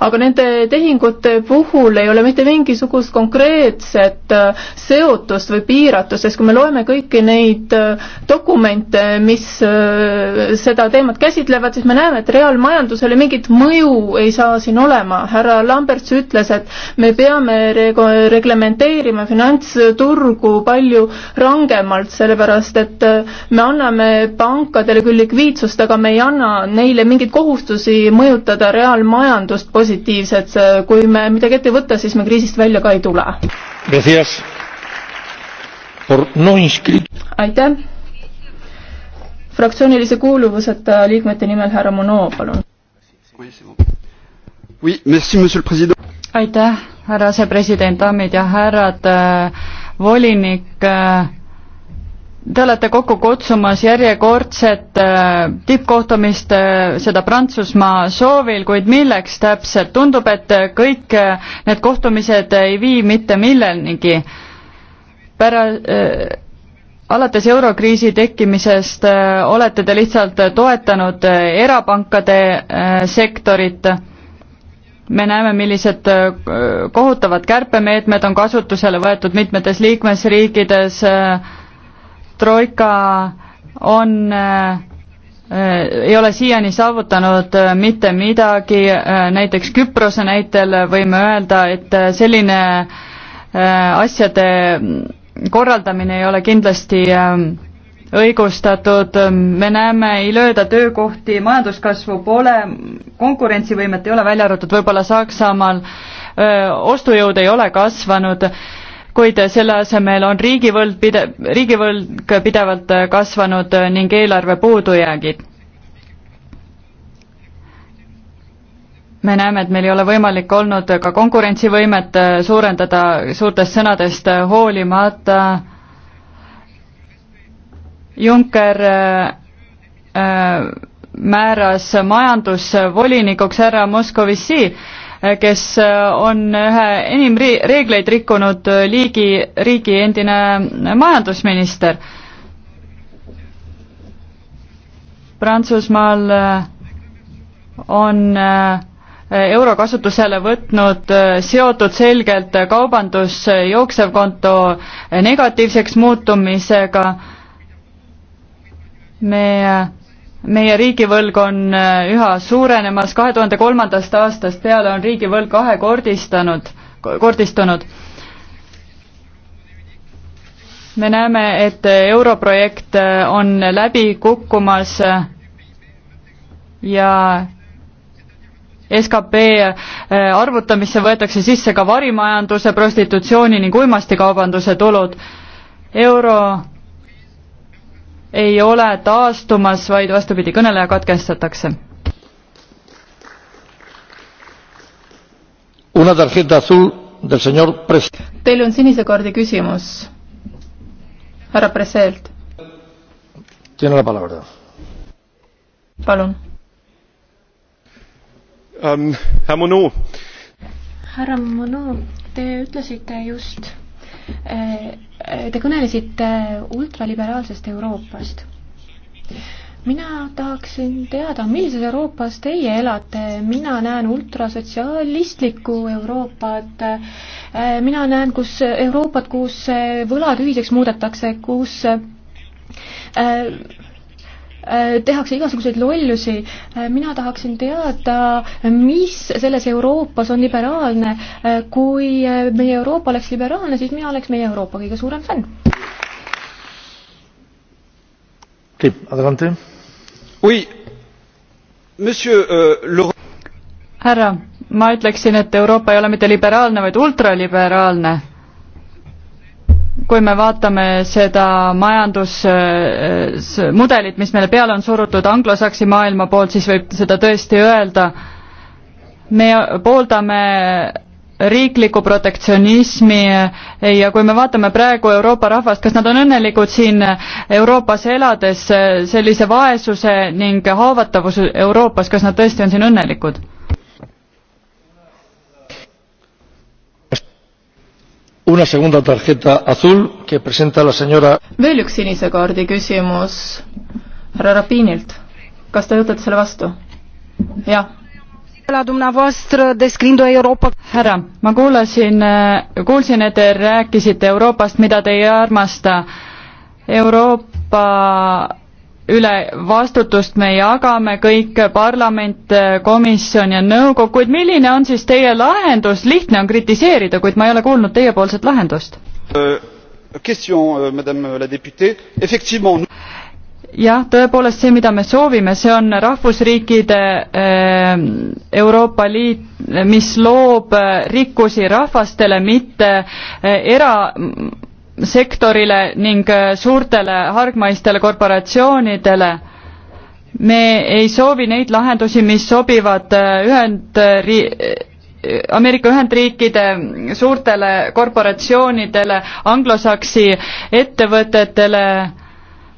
S1: aga nende tehingute puhul ei ole mitte mingisugust konkreetset äh, seotust või piiratust, sest kui me loeme kõiki neid äh, dokumente, mis äh, seda teemat käsitlevad, siis me näeme, et reaalmajandusele mingit mõju ei saa siin olema. härra Lamberts ütles, et me peame reg-, reglementeerima finantsturgu palju rangemalt, sellepärast et me anname pankadele küll likviidsust, aga me ei anna neile mingeid kohustusi mõjutada reaalmajandust positiivselt positiivsed, kui me midagi ette ei võta, siis me kriisist välja ka ei tule. aitäh.
S4: fraktsioonilise kuuluvuseta liikmete nimel härra Mono, palun. aitäh, härra asepresident, daamid ja härrad, äh, volinik äh, Te olete kokku kutsumas järjekordset äh, tippkohtumist, äh, seda Prantsusmaa soovil, kuid milleks täpselt? tundub, et kõik äh, need kohtumised ei vii mitte millenigi. pära- äh,, alates eurokriisi tekkimisest äh, olete te lihtsalt toetanud erapankade äh, sektorit me näeme, millised kohutavad kärpemeetmed on kasutusele võetud mitmetes liikmesriikides äh,, troika on äh, ei ole siiani saavutanud äh, mitte midagi, äh, näiteks Küprose näitel võime öelda, et selline asjade korraldamine ei ole kindlasti õigustatud, me näeme, ei lööda töökohti, majanduskasvu pole, konkurentsivõimet ei ole, välja arvatud võib-olla Saksamaal, ostujõud ei ole kasvanud kuid selle asemel on riigivõlg pide-, riigivõlg pidevalt kasvanud ning eelarve puudujäägid. me näeme, et meil ei ole võimalik olnud ka konkurentsivõimet suurendada suurtest sõnadest hoolimata. Juncker äh, määras majandusvolinikuks härra Moscovici Äh, kes äh, on ühe enim reegleid rikkunud äh, liigi, riigi endine majandusminister. Prantsusmaal on euro kasutusele võtnud, seotud selgelt kaubandus jooksevkonto negatiivseks muutumisega. me meie riigivõlg on äh, üha suurenemas, kahe tuhande kolmandast aastast peale on riigivõlg kahekordistanud, kordistunud. me näeme, et europrojekt äh, on läbi kukkumas äh, ja skp arvutamisse võetakse sisse ka varimajanduse, prostitutsiooni ning uimastikaubanduse tulud. euro ei ole taastumas, vaid vastupidi, kõneleja katkestatakse.
S1: Teil on sinise kaardi küsimus härra Preseelt. palun
S2: um,. härra Monu,
S3: härra Monu, te ütlesite just Äh, äh, te kõnelesite äh, ultraliberaalsest Euroopast. mina tahaksin teada, millises Euroopas teie elate, mina näen ultrasotsialistlikku Euroopat, mina näen, kus Euroopat, kus võlad ühiseks muudetakse, kus äh, Äh, tehakse igasuguseid lollusi. Äh, mina tahaksin teada, mis selles Euroopas on liberaalne. Äh, kui meie Euroopa oleks liberaalne, siis mina oleks meie Euroopa kõige suurem fänn.
S2: Euh,
S4: härra, ma ütleksin, et Euroopa ei ole mitte liberaalne, vaid ultraliberaalne kui me vaatame seda majandusmudelit, äh, mis meile peale on surutud anglosaksi maailma poolt, siis võib seda tõesti öelda. me pooldame riiklikku protektsionismi ja kui me vaatame praegu Euroopa rahvast, kas nad on õnnelikud siin Euroopas elades sellise vaesuse ning haavatavuse Euroopas, kas nad tõesti on siin õnnelikud?
S2: Una segunda tarjeta azul que presenta la señora...
S1: veel üks sinise kaardi küsimus härra
S4: Rapinilt. kas te võtate selle vastu? jah. härra, ma kuulasin, äh, kuulsin, et te rääkisite Euroopast, mida te ei armasta. Euroopa üle vastutust me jagame kõik, parlament, komisjon ja nõukogu, kuid milline on siis teie lahendus, lihtne on kritiseerida, kuid ma ei ole kuulnud teiepoolset lahendust. Euh, euh, jah, tõepoolest see, mida me soovime, see on rahvusriikide äh, Euroopa Liit, mis loob äh, rikkusi rahvastele, mitte äh, era sektorile ning äh, suurtele hargmaistele korporatsioonidele. me ei soovi neid lahendusi, mis sobivad äh, Ühendri-, äh, Ameerika Ühendriikide suurtele korporatsioonidele, anglosaksi ettevõtetele,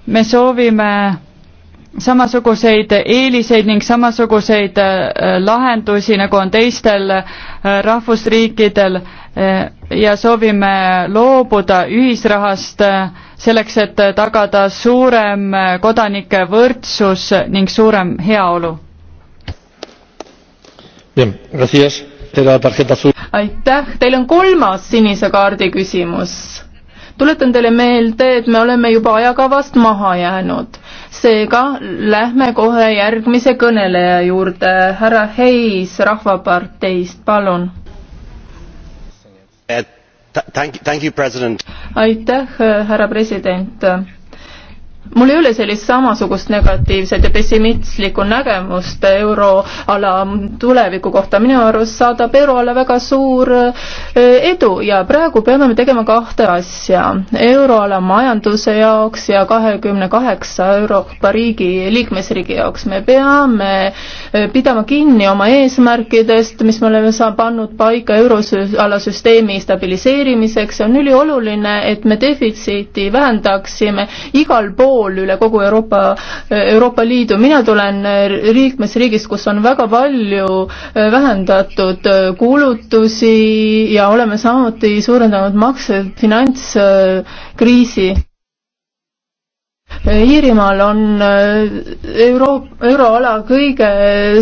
S4: me soovime samasuguseid eeliseid ning samasuguseid äh, lahendusi, nagu on teistel äh, rahvusriikidel äh, ja soovime loobuda ühisrahast selleks, et tagada suurem kodanike võrdsus ning suurem heaolu.
S1: aitäh, teil on kolmas sinise kaardi küsimus tuletan teile meelde, et me oleme juba ajakavast maha jäänud. seega lähme kohe järgmise kõneleja juurde, härra Heis Rahvaparteist, palun.
S2: Eh, aitäh,
S1: eh, härra president mul ei ole sellist samasugust negatiivset ja pessimistlikku nägemust euroala tuleviku kohta, minu arust saadab euroala väga suur eh, edu ja praegu peame me tegema kahte asja. euroala majanduse jaoks ja kahekümne kaheksa Euroopa riigi, liikmesriigi jaoks me peame eh, pidama kinni oma eesmärkidest, mis me oleme saa-, pannud paika euroala süsteemi stabiliseerimiseks, see on ülioluline, et me defitsiiti vähendaksime igal pool pool üle kogu Euroopa, Euroopa Liidu. mina tulen liikmesriigist, kus on väga palju äh, vähendatud äh, kulutusi ja oleme samuti suurendanud makse finantskriisi Äh, Iirimaal on äh, euro, euroala kõige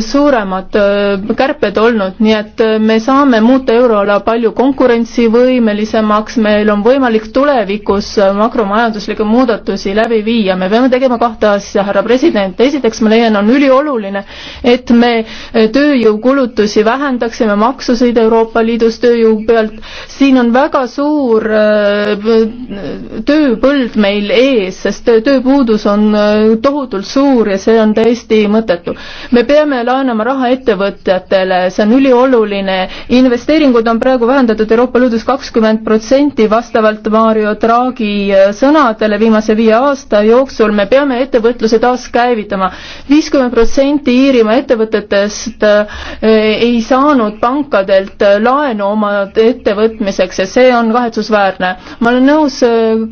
S1: suuremad äh, kärped olnud, nii et me saame muuta euroala palju konkurentsivõimelisemaks, meil on võimalik tulevikus makromajanduslikke muudatusi läbi viia, me peame tegema kahte asja, härra president, esiteks ma leian, on ülioluline, et me tööjõukulutusi vähendaksime, maksusid Euroopa Liidus tööjõu pealt, siin on väga suur tööpõld meil ees, sest töö tööpuudus on äh, tohutult suur ja see on täiesti mõttetu. me peame laenama raha ettevõtjatele, see on ülioluline, investeeringud on praegu vähendatud Euroopa Liidus kakskümmend protsenti, vastavalt Mario Draghi äh, sõnadele viimase viie aasta jooksul, me peame ettevõtluse taaskäivitama. viiskümmend protsenti Iirimaa ettevõtetest äh, ei saanud pankadelt laenu oma ettevõtmiseks ja see on kahetsusväärne. ma olen nõus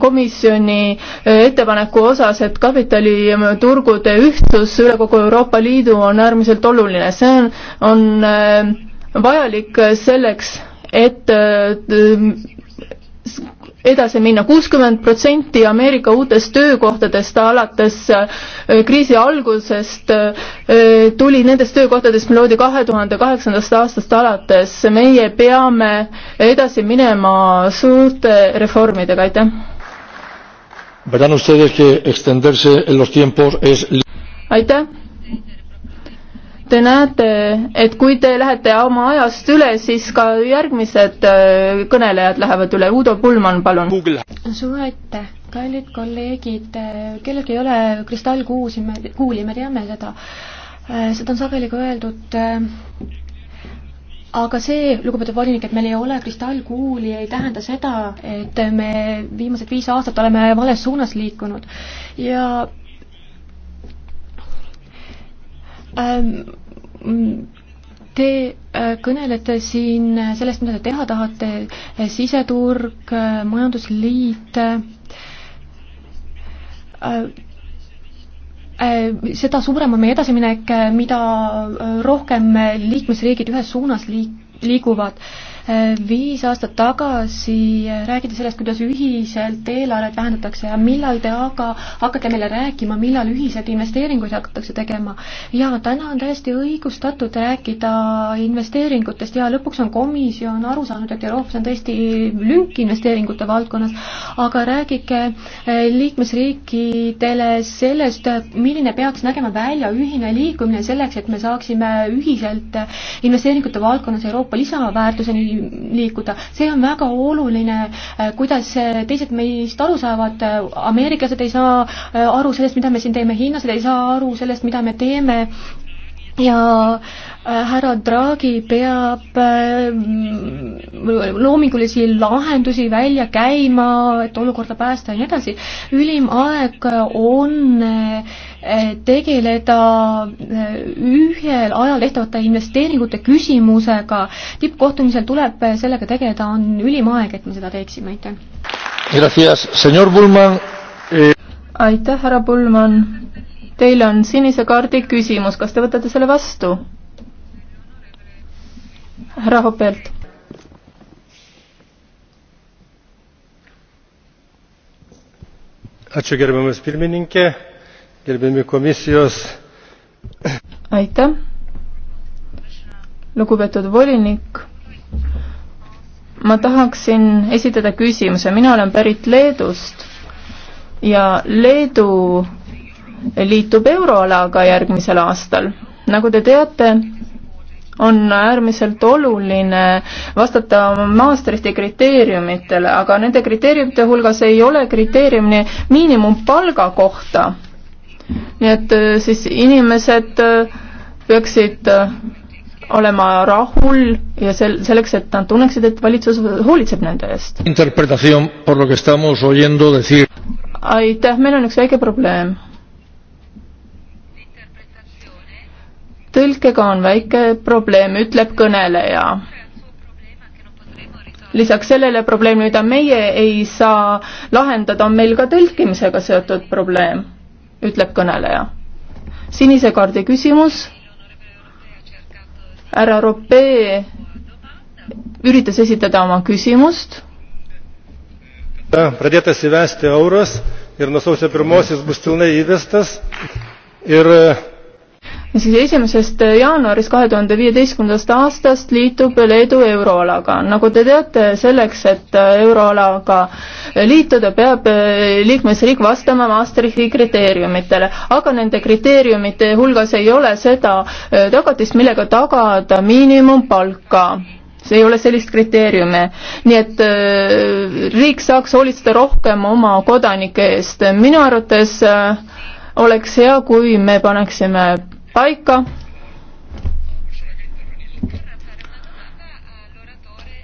S1: komisjoni ettepaneku osas, et kapitaliturgude ühtsus üle kogu Euroopa Liidu on äärmiselt oluline, see on, on äh, vajalik selleks, et äh, edasi minna, kuuskümmend protsenti Ameerika uutest töökohtadest alates äh, kriisi algusest tuli nendest töökohtadest, mis loodi kahe tuhande kaheksandast aastast alates, meie peame edasi minema suurte reformidega, aitäh!
S2: verán ustedes que extenderse en los tiempos es
S1: aitäh! Te näete, et kui te lähete oma ajast üle, siis ka järgmised äh, kõnelejad lähevad üle. Udo Pullmann, palun.
S3: suur aitäh, kallid kolleegid, äh, kellelgi ei ole kristallkuusi, me, kuuli, me teame seda. Äh, seda on sageli ka öeldud aga see, lugupeetud volinik, et meil ei ole kristallkuuli, ei tähenda seda, et me viimased viis aastat oleme vales suunas liikunud ja ähm, Te äh, kõnelete siin sellest, mida te teha tahate, siseturg, äh, majandusliit äh,, Äh, seda suurem on meie edasiminek, äh, mida äh, rohkem liikmesriigid ühes suunas liik-, liiguvad viis aastat tagasi räägite sellest, kuidas ühiselt eelarvet vähendatakse ja millal te aga hakkate meile rääkima, millal ühiselt investeeringuid hakatakse tegema. ja täna on täiesti õigustatud rääkida investeeringutest ja lõpuks on komisjon aru saanud, et Euroopas on tõesti lünk investeeringute valdkonnas, aga räägige eh, liikmesriikidele sellest, milline peaks nägema välja ühine liikumine selleks, et me saaksime ühiselt investeeringute valdkonnas Euroopa lisaväärtuseni liikuda. see on väga oluline, äh, kuidas äh, teised meist aru saavad, ameeriklased ei saa äh, aru sellest, mida me siin teeme, hiinlased ei saa aru sellest, mida me teeme ja äh, härra Draghi peab äh, loomingulisi lahendusi välja käima, et olukorda päästa ja nii edasi. ülim aeg on äh, tegeleda ühel ajal tehtavate investeeringute küsimusega. tippkohtumisel tuleb sellega tegeleda, on ülim aeg, et me seda teeksime, aitäh. Eh, aitäh, härra Pullmann Teil on
S1: sinise kaardi küsimus, kas te võtate selle vastu? härra Hopelt. aitäh, lugupeetud volinik. ma tahaksin esitada küsimuse, mina olen pärit Leedust ja Leedu liitub euroalaga järgmisel aastal. nagu te teate, on äärmiselt oluline vastata Maastrichti kriteeriumitele, aga nende kriteeriumite hulgas ei ole kriteeriumi miinimumpalga kohta. nii et äh, siis inimesed äh, peaksid äh, olema rahul ja sel-, selleks, et nad tunneksid, et valitsus hoolitseb nende eest. aitäh, meil on üks väike probleem tõlkega on väike probleem, ütleb kõneleja. lisaks sellele probleemile, mida meie ei saa lahendada, on meil ka tõlkimisega seotud probleem, ütleb kõneleja. sinise kaardi küsimus. härra Ropee üritas esitada oma küsimust.
S2: pradėtas įvesti euras ir nuo sausio pirmosios bus pilnai įvestas ir
S1: siis esimesest äh, jaanuarist kahe tuhande viieteistkümnendast aastast liitub Leedu euroalaga. nagu te teate, selleks, et äh, euroalaga äh, liituda, peab liikmesriik vastama Maastrichti kriteeriumitele, aga nende kriteeriumite hulgas ei ole seda tagatist, millega tagada miinimumpalka see ei ole sellist kriteeriumi. nii et äh, riik saaks hoolitseda rohkem oma kodanike eest. minu arvates äh, oleks hea, kui me paneksime paika.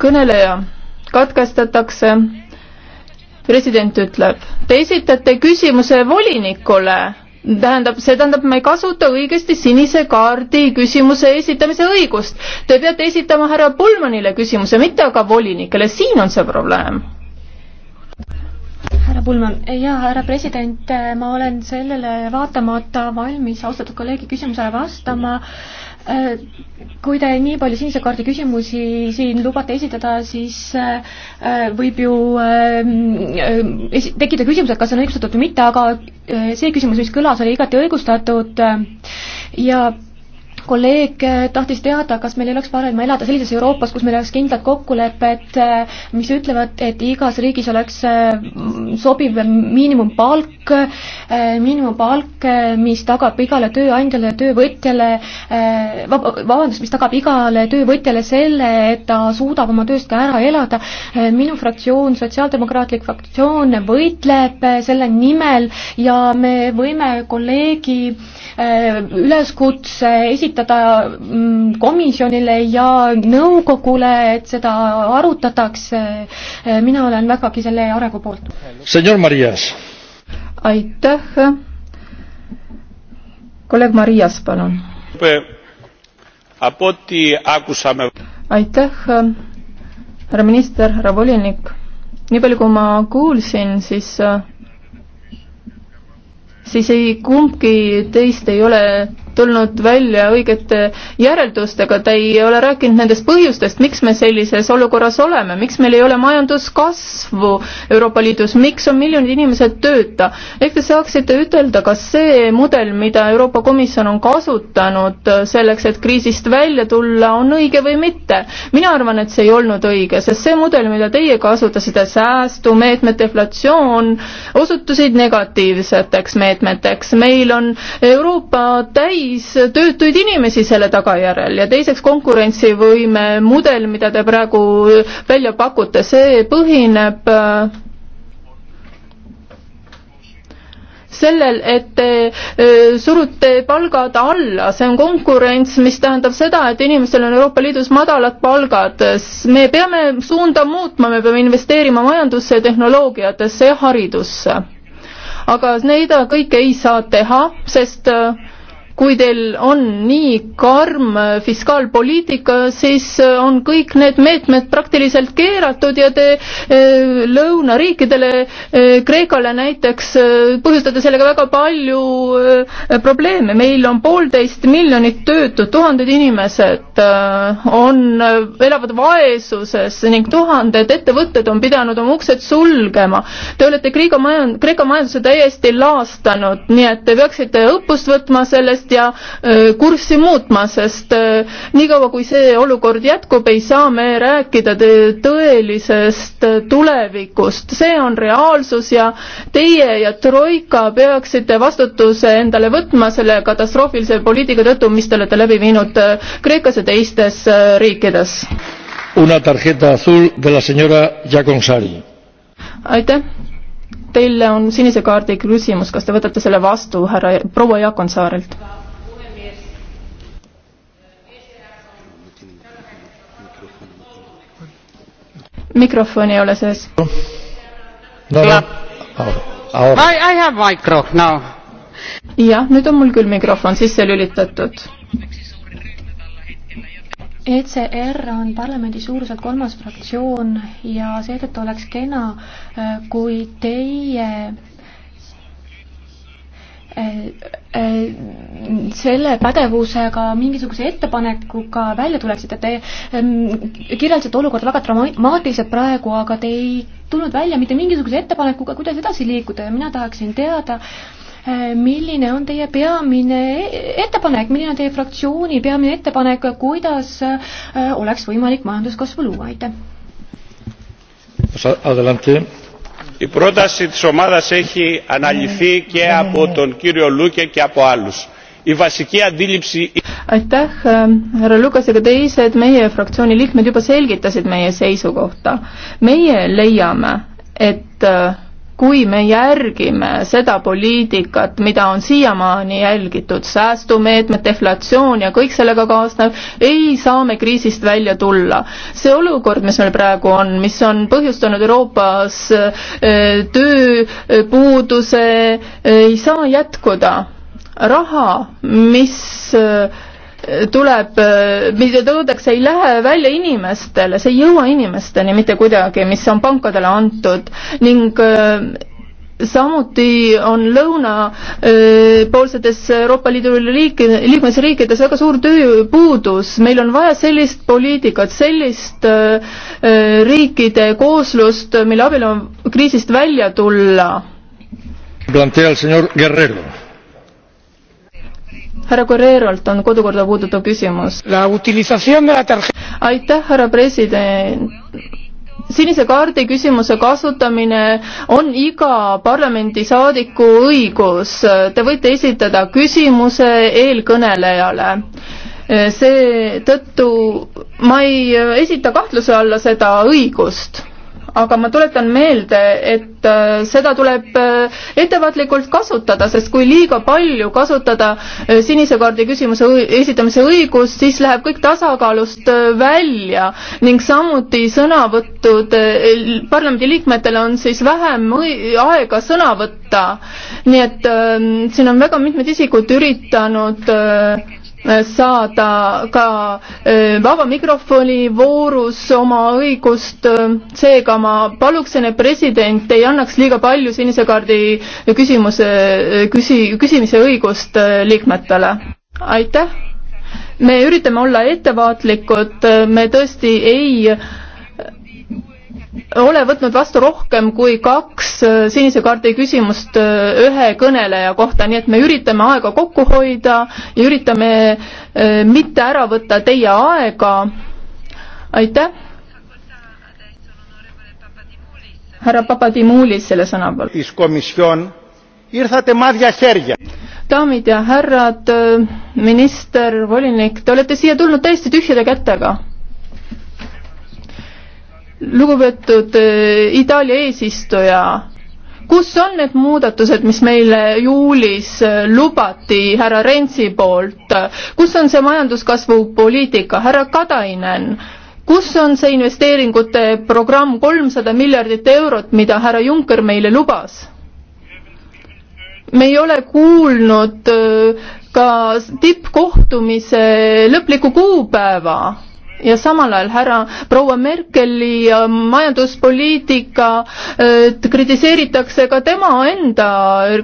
S1: kõneleja katkestatakse. president ütleb, te esitate küsimuse volinikule, tähendab, see tähendab, me ei kasuta õigesti sinise kaardi küsimuse esitamise õigust. Te peate esitama härra Pullmanile küsimuse, mitte aga volinikele, siin on see probleem
S3: härra Pulman, jaa, härra president, ma olen sellele vaatamata valmis austatud kolleegi küsimusele vastama. Äh, kui te nii palju sinise kaardi küsimusi siin lubate esitada, siis äh, võib ju äh, tekkida küsimus, et kas on õigustatud või mitte, aga see küsimus, mis kõlas, oli igati õigustatud ja kolleeg tahtis teada, kas meil ei oleks parem elada sellises Euroopas, kus meil oleks kindlad kokkulepped, mis ütlevad, et igas riigis oleks mm, sobiv miinimumpalk, miinimumpalk, mis tagab igale tööandjale ja töövõtjale, vabandust, mis tagab igale töövõtjale selle, et ta suudab oma tööst ka ära elada. minu fraktsioon, Sotsiaaldemokraatlik fraktsioon võitleb selle nimel ja me võime kolleegi eh, üleskutse esitada esitada mm, komisjonile ja nõukogule, et seda arutatakse. mina olen vägagi selle arengu poolt.
S2: senor Marias.
S3: aitäh.
S1: kolleeg Marias, palun. aitäh, härra minister, härra volinik. nii palju, kui ma kuulsin, siis siis ei, kumbki teist ei ole tulnud välja õigete järeldustega, ta ei ole rääkinud nendest põhjustest, miks me sellises olukorras oleme, miks meil ei ole majanduskasvu Euroopa Liidus, miks on miljonid inimesed tööta. ehk te saaksite ütelda, kas see mudel, mida Euroopa Komisjon on kasutanud selleks, et kriisist välja tulla, on õige või mitte? mina arvan, et see ei olnud õige, sest see mudel, mida teie kasutasite, säästumeetmed, deflatsioon, osutusid negatiivseteks meetmeteks. meil on Euroopa täis täis töötuid inimesi selle tagajärjel ja teiseks konkurentsivõime mudel, mida te praegu välja pakute, see põhineb äh, sellel, et te äh, surute palgad alla, see on konkurents, mis tähendab seda, et inimestel on Euroopa Liidus madalad palgad. me peame suunda muutma, me peame investeerima majandusse, tehnoloogiatesse ja haridusse. aga neid kõike ei saa teha, sest äh, kui teil on nii karm fiskaalpoliitika, siis äh, on kõik need meetmed praktiliselt keeratud ja te äh, lõunariikidele, äh, Kreekale näiteks, põhjustate sellega väga palju probleeme. meil on poolteist miljonit töötut, tuhanded inimesed on, elavad vaesuses ning tuhanded ettevõtted on pidanud oma uksed sulgema. Te olete Kreeka majand-, Kreeka majanduse täiesti laastanud, nii et te peaksite õppust võtma sellest ja kurssi muutma, sest niikaua, kui see olukord jätkub, ei saa me rääkida tõelisest tulevikust. see on reaalsus ja teie ja Troika peaksite vastutuse endale võtma selle katastroofilise poliitika tõttu, mis te olete läbi viinud Kreekas ja teistes riikides.
S2: Una tarjeta azul de la señora Jaconsari.
S1: aitäh. Teile on sinise kaardi küsimus, kas te võtate selle vastu härra proua Jaakonsaarelt? mikrofoni ei ole sees.
S4: no ja. no.
S1: I, I
S3: have micro
S4: now.
S1: jah, nüüd on mul küll mikrofon sisse lülitatud.
S3: ECR on parlamendi suuruselt kolmas fraktsioon ja seetõttu oleks kena, äh, kui teie Äh, äh, selle pädevusega mingisuguse ettepanekuga välja tuleksite, te ähm, kirjeldasite olukorda väga dramaatiliselt praegu, aga te ei tulnud välja mitte mingisuguse ettepanekuga, kuidas edasi liikuda ja mina tahaksin teada, äh, milline on teie peamine ettepanek, milline on teie fraktsiooni peamine ettepanek, kuidas oleks võimalik majanduskasvu luua, aitäh?
S2: Η πρόταση της ομάδας έχει αναλυθεί και από τον κύριο Λούκε και από άλλους. Η βασική αντίληψη...
S1: Aitäh, ähm, härra Lukas, aga teised meie fraktsiooni liikmed juba selgitasid meie seisukohta. meie leiame, et äh, kui me järgime seda poliitikat, mida on siiamaani jälgitud, säästumeetmed, deflatsioon ja kõik sellega kaasnev, ei saa me kriisist välja tulla. see olukord, mis meil praegu on, mis on põhjustanud Euroopas äh, tööpuuduse, äh, ei saa jätkuda. raha, mis äh, tuleb, mida toodakse, ei lähe välja inimestele, see ei jõua inimesteni mitte kuidagi, mis on pankadele antud ning äh, samuti on lõunapoolsetes äh, Euroopa Liidu riik, liikmesriikides väga suur tööpuudus, meil on vaja sellist poliitikat, sellist äh, riikide kooslust, mille abil on kriisist välja tulla.
S2: Plantea el señor Guerrero
S1: härra Guerrerolt on kodukorda puudutav küsimus. aitäh, härra president sinise kaardi küsimuse kasutamine on iga parlamendisaadiku õigus. Te võite esitada küsimuse eelkõnelejale. seetõttu ma ei esita kahtluse alla seda õigust aga ma tuletan meelde, et äh, seda tuleb äh, ettevaatlikult kasutada, sest kui liiga palju kasutada äh, sinise kaardi küsimuse esitamise õigust, siis läheb kõik tasakaalust välja ning samuti sõnavõtud, parlamendiliikmetel on siis vähem aega sõna võtta. nii et siin on väga mitmed isikud üritanud saada ka eh, vaba mikrofoni voorus oma õigust, seega ma paluksin, et president ei annaks liiga palju sinise kaardi küsimuse, eh, küsi-, küsimise õigust eh, liikmetele. aitäh! me üritame olla ettevaatlikud, me tõesti ei ole võtnud vastu rohkem kui kaks äh, sinise kaardi küsimust äh, ühe kõneleja kohta, nii et me üritame aega kokku hoida ja üritame äh, mitte ära võtta teie aega. aitäh. härra Papadimulis selle sõna peal. daamid ja härrad, minister, volinik, te olete siia tulnud täiesti tühjade kätega lugupeetud eh, Itaalia eesistuja, kus on need muudatused, mis meile juulis eh, lubati härra Rensi poolt, kus on see majanduskasvu poliitika, härra Katainen, kus on see investeeringute programm kolmsada miljardit eurot, mida härra Juncker meile lubas? me ei ole kuulnud eh, ka tippkohtumise lõplikku kuupäeva ja samal ajal härra proua Merkeli äh, majanduspoliitika äh, kritiseeritakse ka tema enda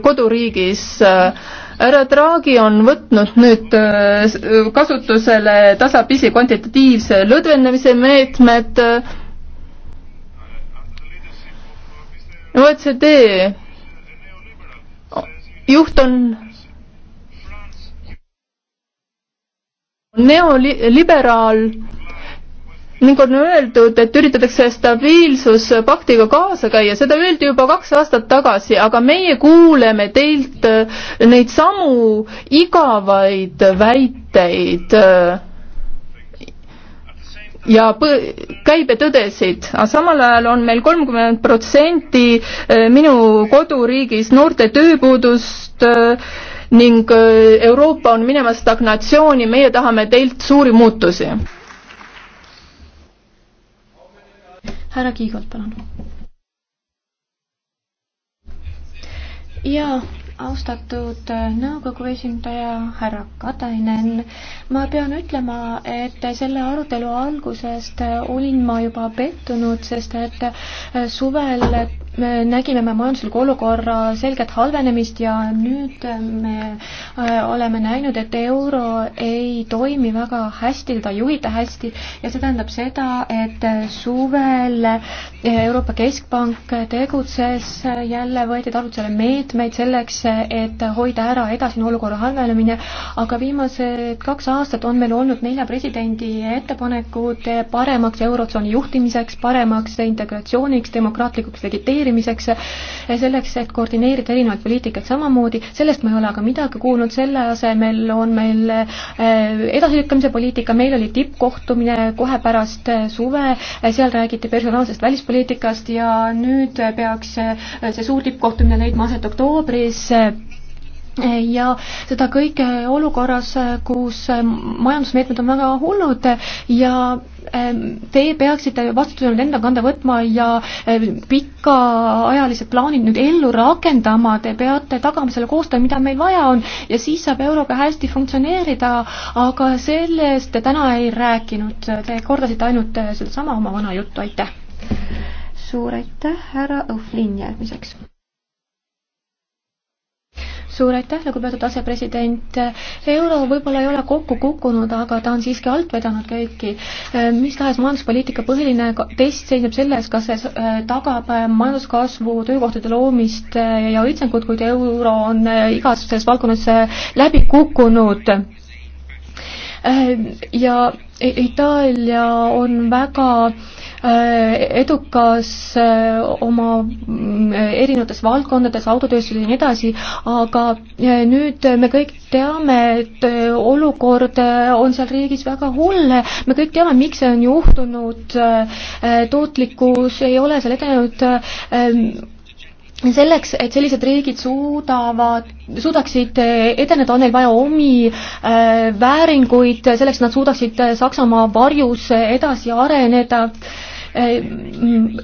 S1: koduriigis. härra Draghi on võtnud nüüd äh, kasutusele tasapisi kvantitatiivse lõdvenemise meetmed. OECD juht on neoliberaal ning on öeldud, et üritatakse stabiilsuspaktiga kaasa käia, seda öeldi juba kaks aastat tagasi, aga meie kuuleme teilt äh, neid samu igavaid väiteid äh, ja käibetõdesid, aga samal ajal on meil kolmkümmend protsenti äh, minu koduriigis noorte tööpuudust ning Euroopa on minemas stagnatsiooni, meie tahame teilt suuri muutusi
S3: härra Kiigolt, palun. jaa austatud äh, nõukogu esindaja härra Katainen, ma pean ütlema, et selle arutelu algusest äh, olin ma juba pettunud, sest et äh, suvel me nägime me majandusliku olukorra selget halvenemist ja nüüd me oleme näinud, et euro ei toimi väga hästi, teda ei juhita hästi ja see tähendab seda, et suvel Euroopa Keskpank tegutses jälle, võeti tarvitusele meetmeid selleks, et hoida ära edasine olukorra halvenemine, aga viimased kaks aastat on meil olnud nelja presidendi ettepanekud paremaks Eurotsooni juhtimiseks, paremaks integratsiooniks, demokraatlikuks legiteerimiseks, selleks, et koordineerida erinevaid poliitikaid samamoodi, sellest ma ei ole aga midagi kuulnud, selle asemel on meil eh, edasilükkamise poliitika, meil oli tippkohtumine kohe pärast eh, suve, seal räägiti personaalsest välispoliitikast ja nüüd peaks eh, see suur tippkohtumine leidma aset oktoobris, sisse ja seda kõike olukorras, kus majandusmeetmed on väga hullud ja ehm, te peaksite vastutuse nüüd enda kanda võtma ja ehm, pikaajalised plaanid nüüd ellu rakendama, te peate tagama selle koostöö, mida meil vaja on ja siis saab euroga hästi funktsioneerida, aga sellest te täna ei rääkinud, te kordasite ainult eh, sedasama oma vana juttu, aitäh! suur aitäh, härra Õhvlin järgmiseks suur aitäh, lugupeetud asepresident. euro võib-olla ei ole kokku kukkunud, aga ta on siiski alt vedanud kõiki. mis tahes majanduspoliitika põhiline test seisneb selles, kas see äh, tagab äh, majanduskasvu, töökohtade loomist äh, ja õitsengut, kuid euro on igas selles valdkonnas läbi kukkunud ja Itaalia on väga äh, Äh, edukas äh, oma mm, erinevates valdkondades, autotööstuses ja nii edasi, aga äh, nüüd me kõik teame, et olukord on seal riigis väga hull, me kõik teame, miks see on juhtunud, tootlikkus ei ole seal edenenud, selleks, et sellised riigid suudavad, suudaksid edeneda, on neil vaja omi äh, vääringuid, selleks nad suudaksid Saksamaa varjus edasi areneda äh, Äh,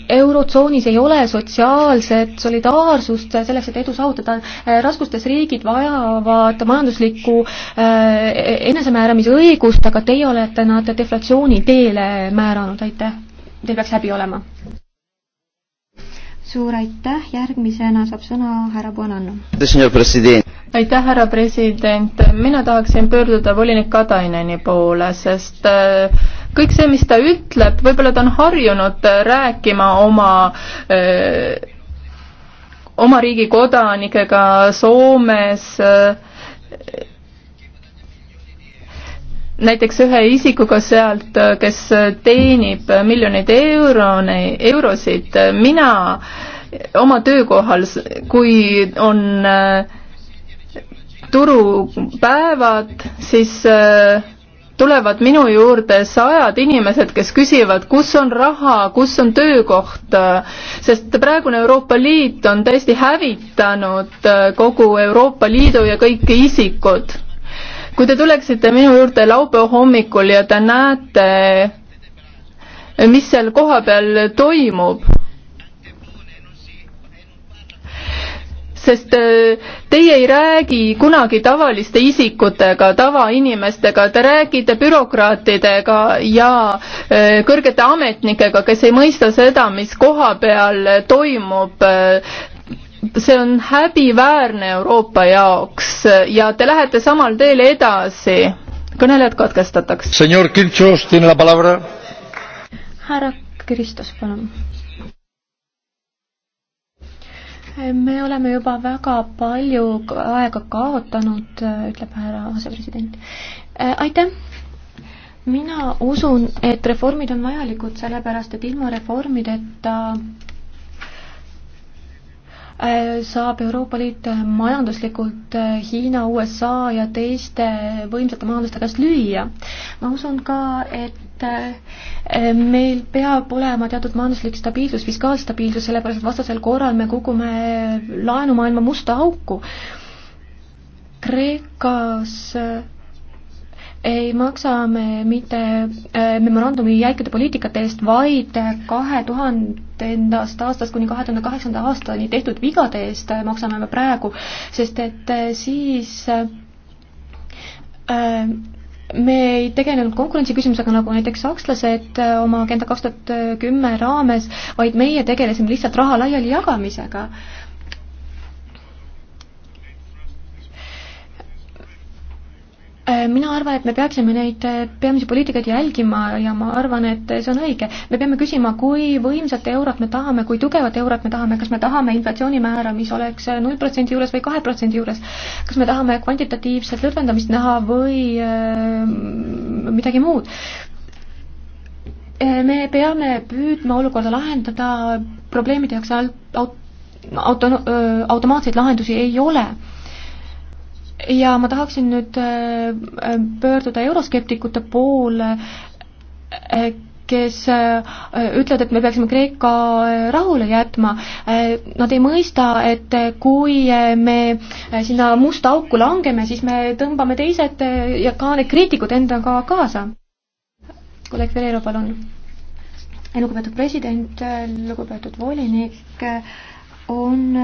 S3: Eurotsoonis ei ole sotsiaalset solidaarsust selleks, et edu saavutada. Äh, raskustes riigid vajavad majanduslikku äh, enesemääramisõigust, aga teie olete nad deflatsiooni teele määranud, aitäh. Teil peaks häbi olema. suur aitäh, järgmisena saab sõna härra Bonanno. aitäh, härra president, mina tahaksin
S1: pöörduda volinik Kataineni poole, sest äh, kõik see, mis ta ütleb, võib-olla ta on harjunud äh, rääkima oma öö, äh, oma riigi kodanikega Soomes öö, äh, näiteks ühe isikuga sealt, kes teenib miljoneid eurone, eurosid, mina oma töökohal, kui on turupäevad, siis äh, tulevad minu juurde sajad inimesed, kes küsivad, kus on raha, kus on töökoht, sest praegune Euroopa Liit on täiesti hävitanud kogu Euroopa Liidu ja kõik isikud. kui te tuleksite minu juurde laupäeva hommikul ja te näete, mis seal kohapeal toimub sest äh, teie ei räägi kunagi tavaliste isikutega, tavainimestega, te räägite bürokraatidega ja äh, kõrgete ametnikega, kes ei mõista seda, mis koha peal toimub see on häbiväärne Euroopa jaoks ja te lähete samal teel edasi. kõnelejad katkestatakse.
S3: härra Kristus, palun me oleme juba väga palju aega kaotanud, ütleb härra asepresident. Äh, aitäh! mina usun, et reformid on vajalikud, sellepärast et ilma reformideta Äh, saab Euroopa Liit majanduslikult äh, Hiina, USA ja teiste võimsate majanduste käest lüüa. ma usun ka, et äh, meil peab olema teatud majanduslik stabiilsus, fiskaalstabiilsus, sellepärast et vastasel korral me kukume laenumaailma musta auku. Kreekas äh, ei maksa me mitte äh, memorandumi jäikude poliitikate eest, vaid kahe tuhandendast aastast kuni kahe tuhande kaheksanda aastani tehtud vigade eest maksame me praegu, sest et äh, siis äh, me ei tegelenud konkurentsiküsimusega nagu näiteks sakslased oma Agenda kaks tuhat kümme raames, vaid meie tegelesime lihtsalt raha laiali jagamisega Äh, mina arvan, et me peaksime neid äh, peamisi poliitikaid jälgima ja ma arvan, et äh, see on õige. me peame küsima, kui võimsat eurot me tahame, kui tugevat eurot me tahame, kas me tahame inflatsioonimäära, mis oleks null protsendi juures või kahe protsendi juures, kas me tahame kvantitatiivset lõdvendamist näha või äh, midagi muud. me peame püüdma olukorda lahendada, probleemide jaoks alt-, aut-, auto-, automaatseid lahendusi ei ole ja ma tahaksin nüüd äh, pöörduda euroskeptikute poole, äh, kes äh, ütlevad, et me peaksime Kreeka rahule jätma. Nad ei mõista, et kui me sinna musta auku langeme, siis me tõmbame teised ja ka need kriitikud endaga kaasa. kolleeg Ferreira, palun. lugupeetud president, lugupeetud volinik, on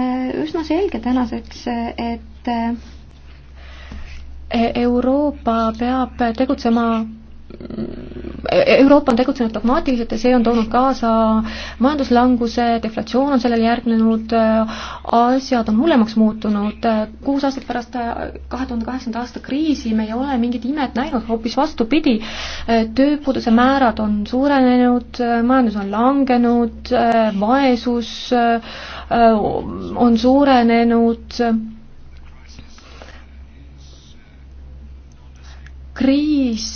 S3: üsna selge tänaseks, et E-, Euroopa peab tegutsema e-, Euroopa on tegutsenud dogmaatiliselt ja see on toonud kaasa majanduslanguse, deflatsioon on sellele järgnenud, asjad on hullemaks muutunud, kuus aastat pärast kahe tuhande kaheksanda aasta kriisi me ei ole mingit imet näinud, hoopis vastupidi, tööpuuduse määrad on suurenenud, majandus on langenud, vaesus on suurenenud kriis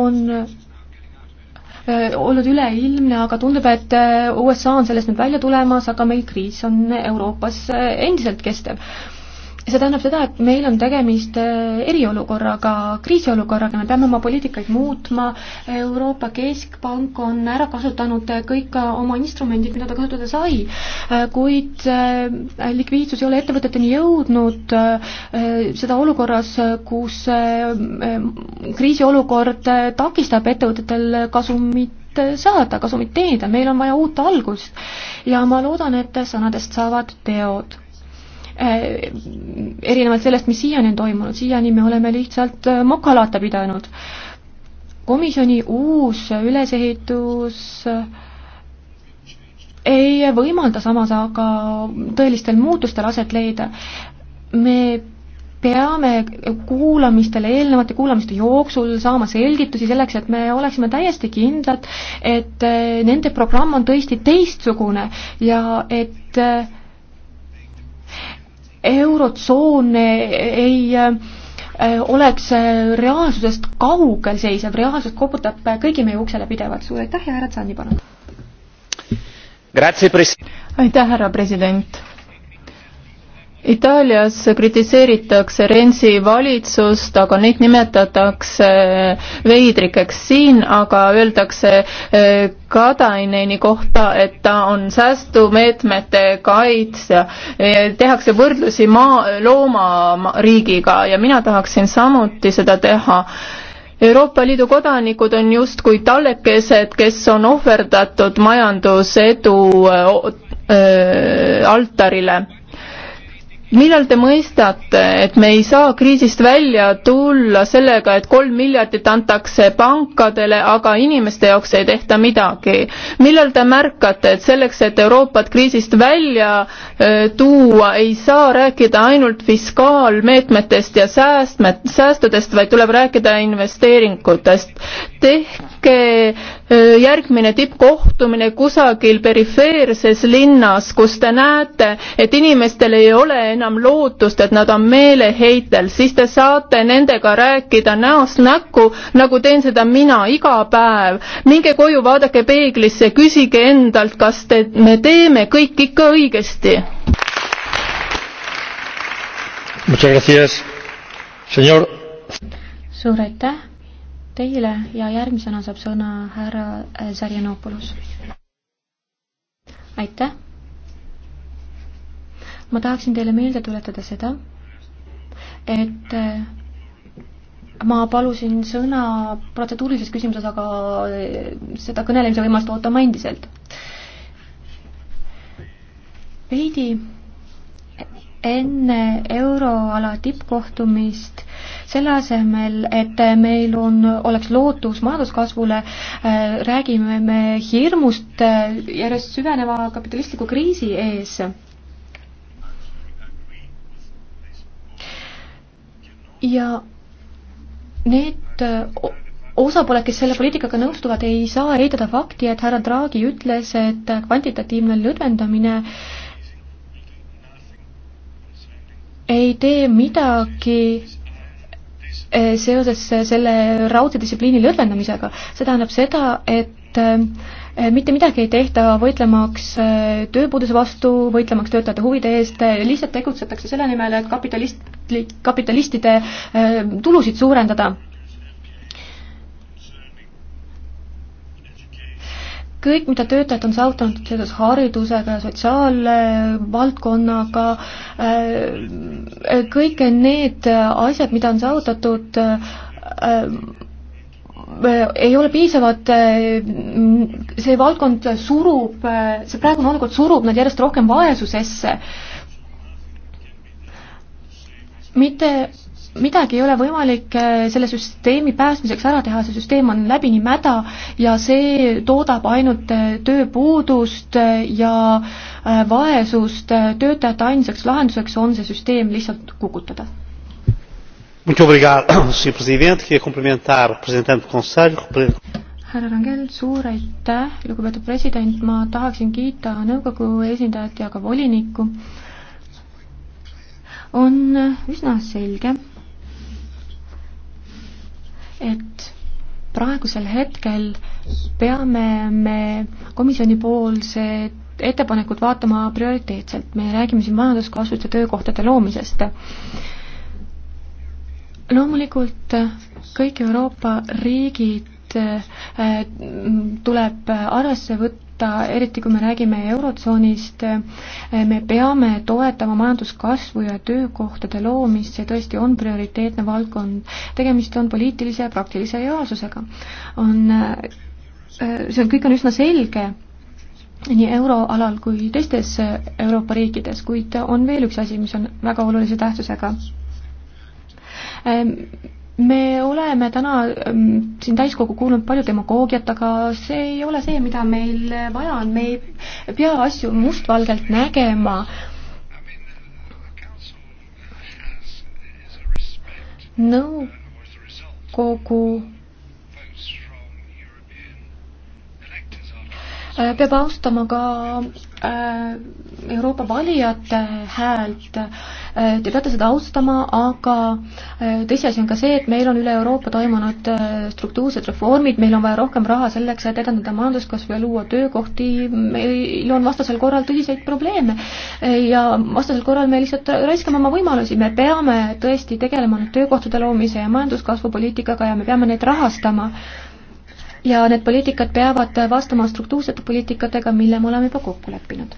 S3: on äh, olnud üleilmne, aga tundub, et äh, USA on sellest nüüd välja tulemas, aga meil kriis on Euroopas äh, endiselt kestev see tähendab seda, et meil on tegemist äh, eriolukorraga, kriisiolukorraga, me peame oma poliitikaid muutma, Euroopa Keskpank on ära kasutanud äh, kõik äh, oma instrumendid, mida ta kasutada sai, kuid likviidsus ei ole ettevõteteni jõudnud, seda olukorras, kus kriisiolukord takistab ettevõtetel kasumit saada, kasumit teenida, meil on vaja uut algust ja ma loodan, et sõnadest saavad teod Äh, erinevalt sellest, mis siiani on toimunud, siiani me oleme lihtsalt äh, mokalaata pidanud. komisjoni uus ülesehitus äh, ei võimalda samas aga tõelistel muutustel aset leida. me peame kuulamistele, eelnevate kuulamiste jooksul saama selgitusi selleks, et me oleksime täiesti kindlad, et nende programm on tõesti teistsugune ja et äh, eurotsoon ei äh, oleks reaalsusest kaugel seisev, reaalsus koputab kõigi meie uksele pidevalt. suur aitäh ja härra Tsanni, palun! aitäh, härra president!
S1: Itaalias kritiseeritakse Renzi valitsust, aga neid nimetatakse veidrikeks siin, aga öeldakse eh, Kataineni kohta, et ta on säästumeetmete kaitsja. Eh, tehakse võrdlusi maa, loomariigiga ja mina tahaksin samuti seda teha Euroopa Liidu kodanikud on justkui tallekesed, kes on ohverdatud majandusedu eh, altarile millal te mõistate, et me ei saa kriisist välja tulla sellega, et kolm miljardit antakse pankadele, aga inimeste jaoks ei tehta midagi? millal te märkate, et selleks, et Euroopat kriisist välja tuua, ei saa rääkida ainult fiskaalmeetmetest ja säästmed, säästudest, vaid tuleb rääkida investeeringutest? tehke järgmine tippkohtumine kusagil perifeerses linnas, kus te näete, et inimestel ei ole enam lootust, et nad on meeleheitel, siis te saate nendega rääkida näost näkku, nagu teen seda mina iga päev. minge koju, vaadake peeglisse, küsige endalt, kas te, me teeme kõik ikka õigesti.
S3: suur aitäh teile ja järgmisena saab sõna härra Sarjanopoulos. aitäh ma tahaksin teile meelde tuletada seda, et äh, ma palusin sõna protseduurilises küsimuses, aga äh, seda kõnelemise võimalust ootame endiselt. veidi enne euroala tippkohtumist selle asemel, et meil on, oleks lootus majanduskasvule, äh, räägime me hirmust järjest süveneva kapitalistliku kriisi ees ja need osapooled, kes selle poliitikaga nõustuvad, ei saa eitada fakti, et härra Draghi ütles, et kvantitatiivne lõdvendamine ei tee midagi e, seoses selle raudse distsipliini lõdvendamisega. see tähendab seda, et e, mitte midagi ei tehta võitlemaks e, tööpuuduse vastu, võitlemaks töötajate huvide eest, lihtsalt tegutsetakse selle nimel, et kapitalist kapitli, kapitalistide äh, tulusid suurendada. kõik, mida töötajad on saavutanud seoses haridusega ja sotsiaalvaldkonnaga, äh, kõik need asjad, mida on saavutatud, äh, ei ole piisavad, see valdkond surub, see praegune olukord surub nad järjest rohkem vaesusesse mitte midagi ei ole võimalik äh, selle süsteemi päästmiseks ära teha, see süsteem on läbini mäda ja see toodab ainult äh, tööpuudust äh, ja vaesust, töötajate ainsaks lahenduseks on see süsteem lihtsalt kukutada. *coughs* härra Rangel, suur aitäh, lugupeetud president, ma tahaksin kiita nõukogu esindajat ja ka volinikku on üsna selge, et praegusel hetkel peame me komisjonipoolsed ettepanekut vaatama prioriteetselt, me räägime siin majanduskasvust ja töökohtade loomisest. loomulikult kõik Euroopa riigid eh, tuleb arvesse võtta võtta, eriti kui me räägime Eurotsoonist, eh, me peame toetama majanduskasvu ja töökohtade loomist, see tõesti on prioriteetne valdkond. tegemist on poliitilise ja praktilise reaalsusega. on, eh, see on, kõik on üsna selge nii euroalal kui teistes eh, Euroopa riikides, kuid on veel üks asi, mis on väga olulise tähtsusega me oleme täna ähm, siin täiskogu kuulnud palju demagoogiat, aga see ei ole see, mida meil vaja on, me ei pea asju mustvalgelt nägema. nõukogu no, Äh, peab austama ka äh, Euroopa valijate häält. Äh, te peate seda austama, aga tõsiasi on ka see, et meil on üle Euroopa toimunud struktuursed reformid, meil on vaja rohkem raha selleks, et edendada majanduskasvu ja luua töökohti, meil on vastasel korral tõsiseid probleeme. ja vastasel korral me lihtsalt raiskame oma võimalusi, me peame tõesti tegelema nüüd töökohtade loomise ja majanduskasvu poliitikaga ja me peame neid rahastama ja need poliitikad peavad vastama struktuursete poliitikatega, mille me oleme juba kokku leppinud.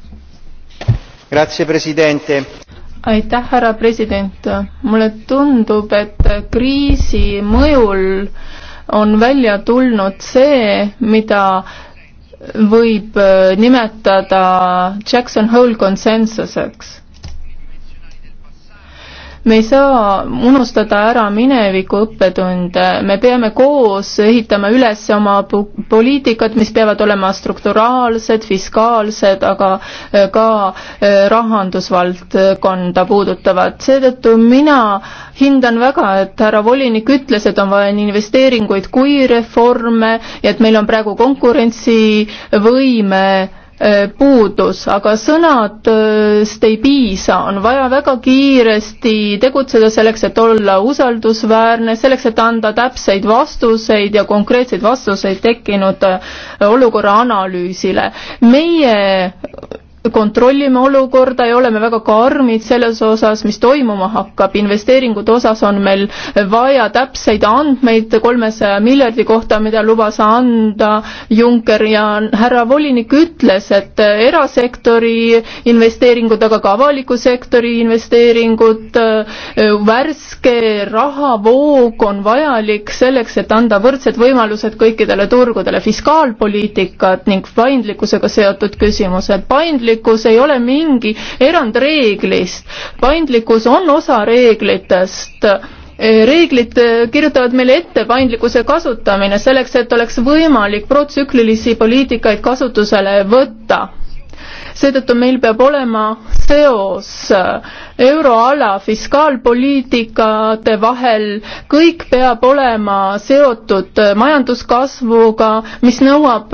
S1: aitäh, härra president. mulle tundub, et kriisi mõjul on välja tulnud see, mida võib nimetada Jackson Hole konsensuseks me ei saa unustada ära mineviku õppetunde, me peame koos ehitama üles oma poliitikat, mis peavad olema strukturaalsed, fiskaalsed, aga äh, ka äh, rahandusvaldkonda puudutavad. seetõttu mina hindan väga, et härra volinik ütles, et on vaja nii investeeringuid kui reforme ja et meil on praegu konkurentsivõime Äh, puudus, aga sõnadest äh, ei piisa, on vaja väga kiiresti tegutseda selleks, et olla usaldusväärne, selleks, et anda täpseid vastuseid ja konkreetseid vastuseid tekkinud äh, olukorra analüüsile. meie kontrollime olukorda ja oleme väga karmid selles osas, mis toimuma hakkab. investeeringute osas on meil vaja täpseid andmeid kolmesaja miljardi kohta, mida lubas anda Juncker ja härra volinik ütles, et erasektori investeeringud, aga ka avaliku sektori investeeringud, värske rahavoog on vajalik selleks, et anda võrdsed võimalused kõikidele turgudele, fiskaalpoliitikat ning paindlikkusega seotud küsimused. paindlikkus paindlikkus ei ole mingi erand reeglist, paindlikkus on osa reeglitest e, reeglid e, kirjutavad meile ette paindlikkuse kasutamine selleks, et oleks võimalik protsüklilisi poliitikaid kasutusele võtta seetõttu meil peab olema seos e, euroala fiskaalpoliitikate vahel, kõik peab olema seotud majanduskasvuga, mis nõuab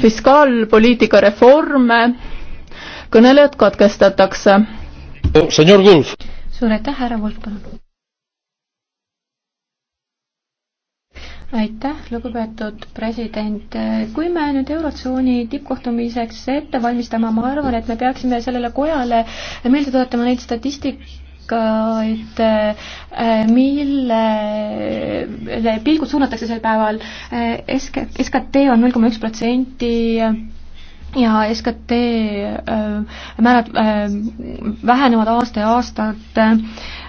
S1: fiskaalpoliitika reforme kõnelejad katkestatakse.
S2: suur
S3: aitäh, härra Wolf, palun. aitäh, lugupeetud president. kui me nüüd Eurotsooni tippkohtumiseks ette valmistame, ma arvan, et me peaksime sellele kojale meelde tuletama neid statistikaid, millele pilgud suunatakse sel päeval. SK, SKT on null koma üks protsenti ja SKT äh, määrad äh, vähenevad aasta ja aastat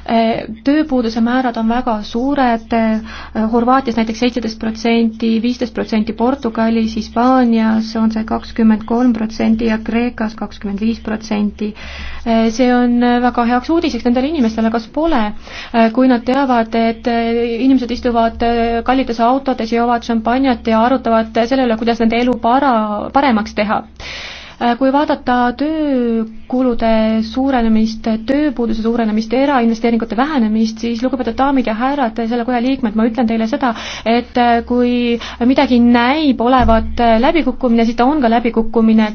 S3: Äh, tööpuuduse määrad on väga suured, äh, Horvaatias näiteks seitseteist protsenti, viisteist protsenti Portugalis, Hispaanias on see kakskümmend kolm protsenti ja Kreekas kakskümmend viis protsenti. Äh, see on väga heaks uudiseks nendele inimestele, kas pole, kui nad teavad, et inimesed istuvad kallites autodes, joovad šampanjat ja arutavad selle üle, kuidas nende elu para, paremaks teha kui vaadata töökulude suurenemist, tööpuuduse suurenemist, erainvesteeringute vähenemist, siis lugupeetud daamid ja härrad, selle koja liikmed, ma ütlen teile seda, et kui midagi näib olevat läbikukkumine, siis ta on ka läbikukkumine,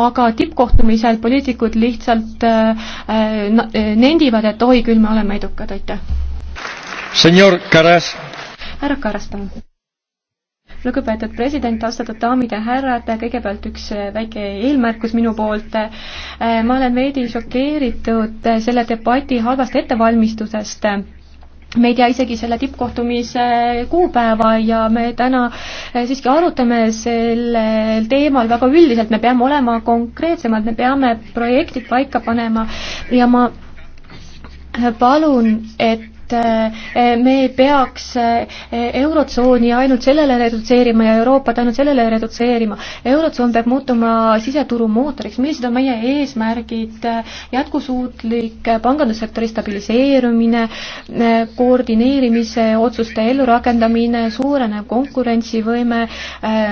S3: aga tippkohtumisel poliitikud lihtsalt äh, äh, nendivad, et oi küll, me oleme edukad, aitäh. härra Karas, palun lugupeetud president, austatud daamid ja härrad, kõigepealt üks äh, väike eelmärkus minu poolt. Äh, ma olen veidi šokeeritud äh, selle debati halvast ettevalmistusest me ei tea isegi selle tippkohtumise kuupäeva ja me täna siiski arutame sellel teemal väga üldiselt, me peame olema konkreetsemad, me peame projektid paika panema ja ma palun, et et eh, me ei peaks eh, Eurotsooni ainult sellele redutseerima ja Euroopat ainult sellele redutseerima. Eurotsoon peab muutuma siseturu mootoriks, millised on meie eesmärgid, jätkusuutlik pangandussektori stabiliseerumine, eh, koordineerimise otsuste ellurakendamine, suurenev konkurentsivõime,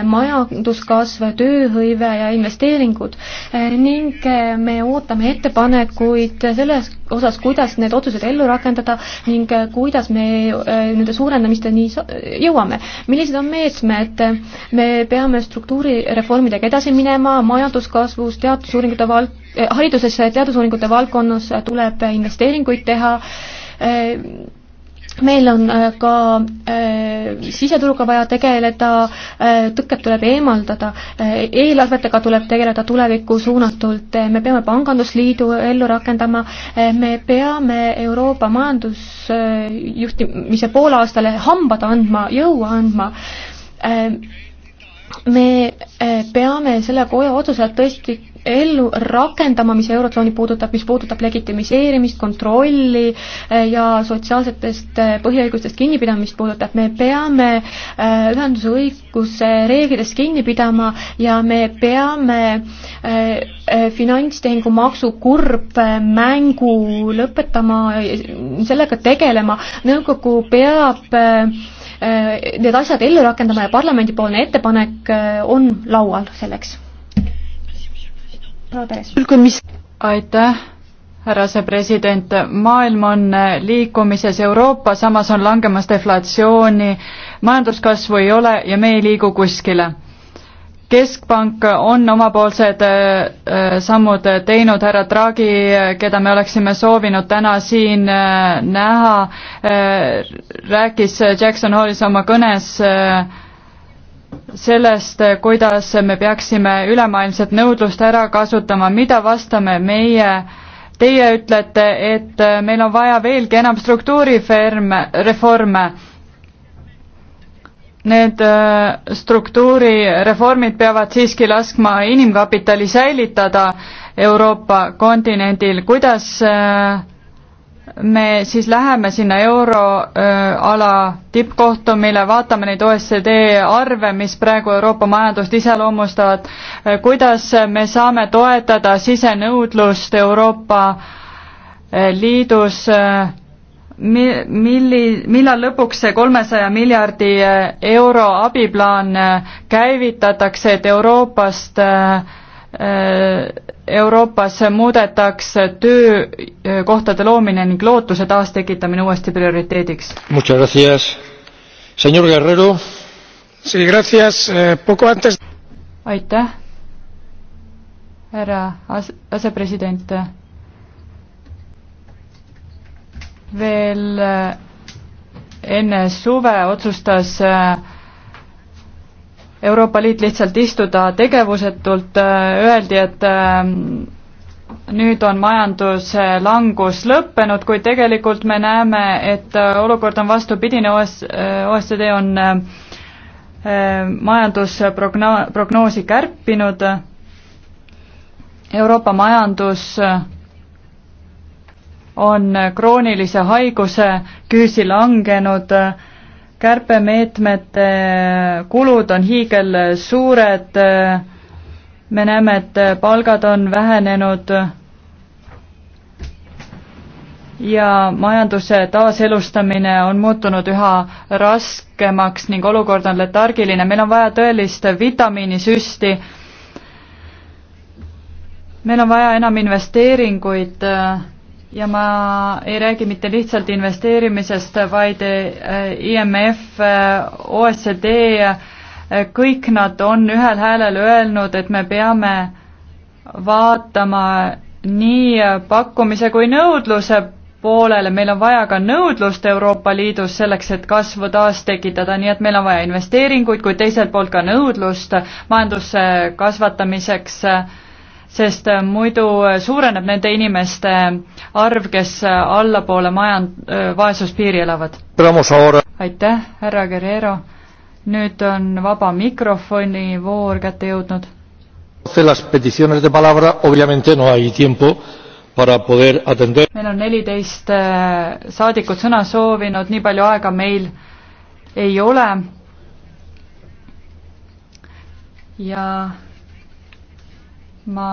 S3: majanduskasv, tööhõive ja investeeringud ning me ootame ettepanekuid selles osas, kuidas need otsused ellu rakendada ning ning kuidas me äh, nende suurendamisteni jõuame. millised on meetmed, me peame struktuurireformidega edasi minema, majanduskasvus, teadusuuringute val-, äh, hariduses, teadusuuringute valdkonnas tuleb investeeringuid teha, äh, meil on äh, ka äh, siseturuga vaja tegeleda äh,, tõkked tuleb eemaldada äh,, eelarvetega tuleb tegeleda tulevikku suunatult äh,, me peame Pangandusliidu ellu rakendama äh,, me peame Euroopa majandusjuhtimise äh, poolaastale hambad andma, jõu andma äh,, me äh, peame selle koja otsused tõesti ellu rakendama, mis Eurotsooni puudutab, mis puudutab legitimiseerimist, kontrolli eh, ja sotsiaalsetest eh, põhiõigustest kinnipidamist puudutab, me peame eh, ühenduse õiguse reeglidest kinni pidama ja me peame finantstehingu maksu kurbmängu lõpetama, sellega tegelema, nõukogu peab need asjad ellu rakendama ja parlamendipoolne ettepanek on laual selleks
S4: proua Peres. aitäh, härra see president, maailm on liikumises Euroopa, samas on langemas deflatsiooni, majanduskasvu ei ole ja me ei liigu kuskile keskpank on omapoolsed äh, sammud teinud, härra Draghi, keda me oleksime soovinud täna siin äh, näha, äh, rääkis Jackson Hallis oma kõnes sellest, kuidas me peaksime ülemaailmset nõudlust ära kasutama, mida vastame meie Teie ütlete, et meil on vaja veelgi enam struktuuriferme, reforme need äh, struktuurireformid peavad siiski laskma inimkapitali säilitada Euroopa kontinendil, kuidas äh, me siis läheme sinna euroala tippkohtumile, vaatame neid OECD arve, mis praegu Euroopa majandust iseloomustavad, kuidas me saame toetada sisenõudlust Euroopa Liidus, mi-, milli-, millal lõpuks see kolmesaja miljardi euro abiplaan käivitatakse, et Euroopast äh, Äh, Euroopas muudetaks töökohtade loomine ning lootuse taastekitamine uuesti prioriteediks.
S2: Sí, gracias. Eh, poco antes...
S4: aitäh, härra as-, asepresident. veel eh, enne suve otsustas äh, Euroopa Liit lihtsalt istuda tegevusetult, äh, öeldi, et äh, nüüd on majanduslangus lõppenud, kuid tegelikult me näeme, et äh, olukord on vastupidine, OS-, OECD on majandusprogno-, prognoosi kärpinud, Euroopa majandus on kroonilise haiguse küüsi langenud äh, kärpemeetmete kulud on hiigelsuured, me näeme, et palgad on vähenenud ja majanduse taaselustamine on muutunud üha raskemaks ning olukord on letargiline, meil on vaja tõelist vitamiinisüsti, meil on vaja enam investeeringuid äh, ja ma ei räägi mitte lihtsalt investeerimisest, vaid äh, IMF, äh, OECD, äh, kõik nad on ühel häälel öelnud, et me peame vaatama nii pakkumise kui nõudluse poolele, meil on vaja ka nõudlust Euroopa Liidus selleks, et kasvu taastekitada, nii et meil on vaja investeeringuid, kuid teiselt poolt ka nõudlust majanduse kasvatamiseks äh, sest äh, muidu äh, suureneb nende inimeste äh, arv, kes allapoole majand-, vaesuspiiri elavad. aitäh, härra Guerrero. nüüd on vaba mikrofoni voor kätte jõudnud. meil on neliteist saadikut sõna soovinud, nii palju aega meil ei ole ja ma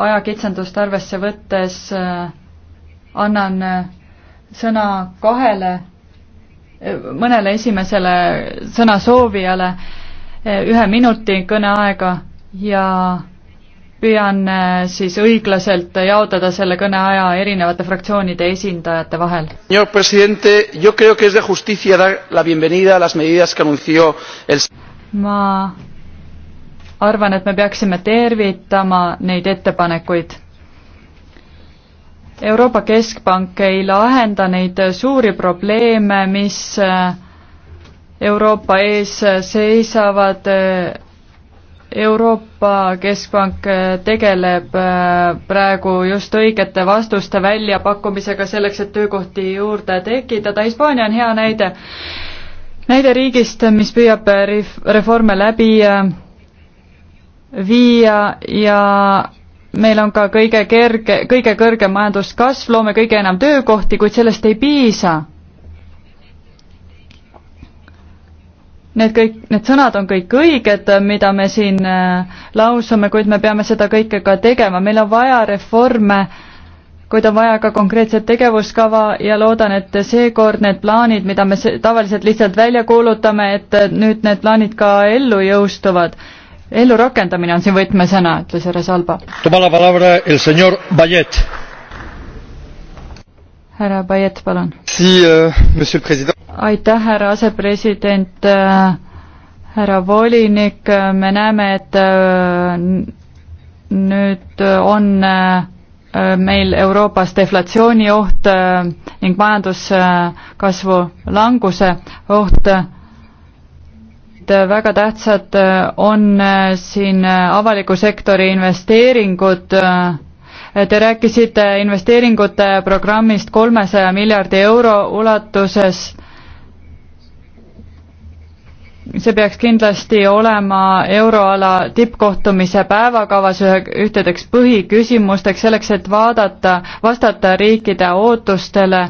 S4: ajakitsendust arvesse võttes annan sõna kahele, mõnele esimesele sõnasoovijale ühe minuti kõneaega ja püüan siis õiglaselt jaotada selle kõneaja erinevate fraktsioonide esindajate vahel.
S2: Señor presidente, yo creo que es de justicia dar la bienvenida a las medidas que anunció el
S4: ma arvan, et me peaksime tervitama neid ettepanekuid. Euroopa Keskpank ei lahenda neid suuri probleeme, mis Euroopa ees seisavad. Euroopa Keskpank tegeleb praegu just õigete vastuste väljapakkumisega selleks, et töökohti juurde tekitada. Hispaania on hea näide näide riigist, mis püüab äh, reforme läbi äh, viia ja meil on ka kõige kerge, kõige kõrgem majanduskasv, loome kõige enam töökohti, kuid sellest ei piisa. Need kõik, need sõnad on kõik õiged, mida me siin äh, lausume, kuid me peame seda kõike ka tegema, meil on vaja reforme äh, kuid on vaja ka konkreetset tegevuskava ja loodan, et seekord need plaanid, mida me tavaliselt lihtsalt välja kuulutame, et nüüd need plaanid ka ellu jõustuvad. ellurakendamine on siin võtmesõna, ütles härra Salba. härra Bayet, palun
S2: si,. Euh,
S4: aitäh, härra asepresident äh,, härra volinik, me näeme, et äh, nüüd on äh, meil Euroopas deflatsioonioht äh, ning majanduskasvu languse oht. et väga tähtsad äh, on äh, siin avaliku sektori investeeringud. Te rääkisite investeeringute programmist kolmesaja miljardi euro ulatuses see peaks kindlasti olema euroala tippkohtumise päevakavas ühe, ühtedeks põhiküsimusteks, selleks et vaadata, vastata riikide ootustele,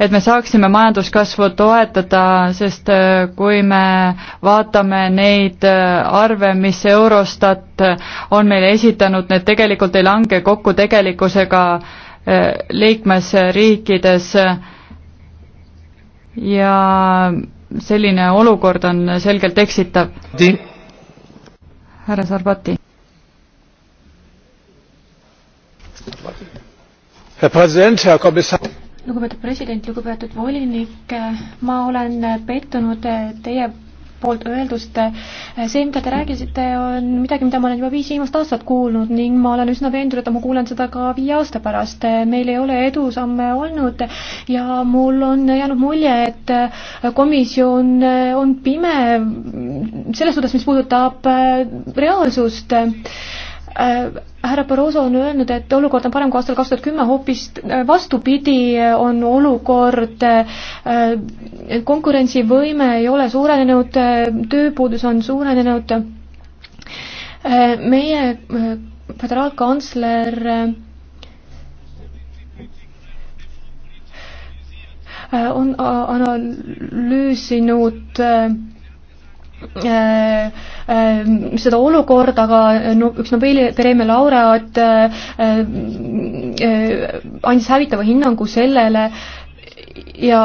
S4: et me saaksime majanduskasvu toetada, sest äh, kui me vaatame neid äh, arve, mis Eurostat äh, on meile esitanud, need tegelikult ei lange kokku tegelikkusega liikmesriikides ja selline olukord on selgelt eksitav.
S3: härra Sarbati. lugupeetud president, lugupeetud volinik, ma olen pettunud teie poolt öeldust. see, mida te rääkisite, on midagi, mida ma olen juba viis viimast aastat kuulnud ning ma olen üsna veendunud, et ma kuulen seda ka viie aasta pärast. meil ei ole edusamme olnud ja mul on jäänud mulje, et komisjon on pime selles suhtes, mis puudutab reaalsust Äh, härra Barroso on öelnud, et olukord on parem kui aastal kaks tuhat kümme, hoopis äh, vastupidi äh, on olukord, konkurentsivõime ei ole suurenenud, tööpuudus on suurenenud, meie föderaalkantsler on analüüsinud Äh, äh, seda olukorda, aga äh, no üks Nobeli preemia laureaat andis hävitava hinnangu sellele ja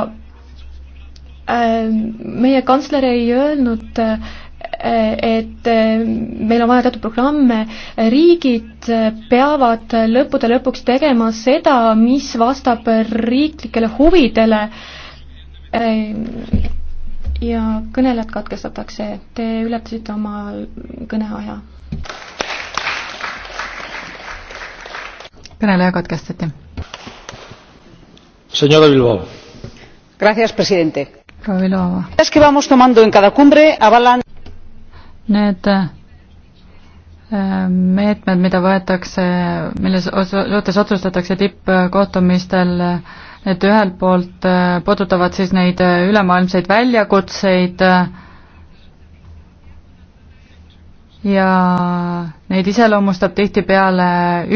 S3: meie kantsler ei öelnud, et meil on vaja teatud programme, riigid peavad lõppude lõpuks tegema seda, mis vastab riiklikele huvidele ja kõnelejad katkestatakse. Te ületasite oma kõneaja.
S4: kõneleja katkestati.
S2: Senora Bilbao. Gracias, presidente.
S4: proua Bilbao. Es que vamos tomando en cada cumbre avalan. Need äh, meetmed, mida võetakse, milles suhtes otsustatakse tippkohtumistel äh, Need ühelt poolt äh, puudutavad siis neid äh, ülemaailmseid väljakutseid äh, ja neid iseloomustab tihtipeale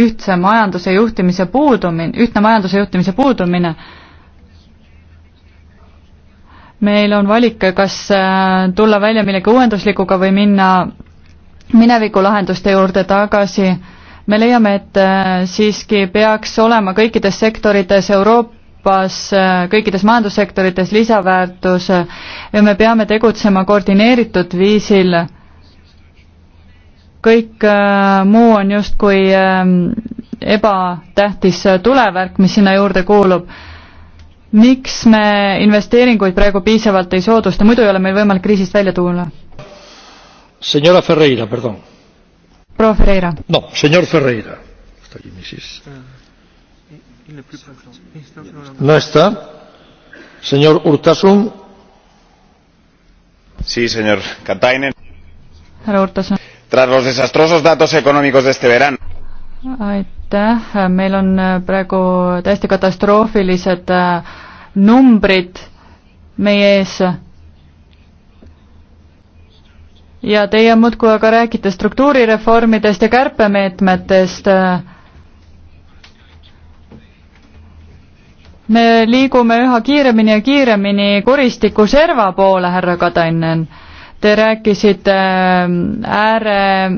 S4: ühtse majanduse juhtimise puudumine, ühtne majanduse juhtimise puudumine meil on valik, kas tulla välja millegi uuenduslikuga või minna minevikulahenduste juurde tagasi. me leiame, et siiski peaks olema kõikides sektorites Euroopa Euroopas äh, kõikides majandussektorites lisaväärtus äh, ja me peame tegutsema koordineeritud viisil. kõik äh, muu on justkui ähm, äh, ebatähtis tulevärk, mis sinna juurde kuulub. miks me investeeringuid praegu piisavalt ei soodusta, muidu ei ole meil võimalik kriisist välja tulla?
S2: Senora Ferreira, perdon. proua Ferreira. noh, senor Ferreira. mis siis ah.? no está. señor urtasun. sí señor katainen.
S4: härra urtasun.
S1: tras los desastrosos datos económicos de este verano.
S4: aitäh, meil on äh, praegu täiesti katastroofilised äh, numbrid meie ees ja teie muudkui aga räägite struktuurireformidest ja kärpemeetmetest äh, me liigume üha kiiremini ja kiiremini koristiku serva poole, härra Katainen. Te rääkisite ähm, ääre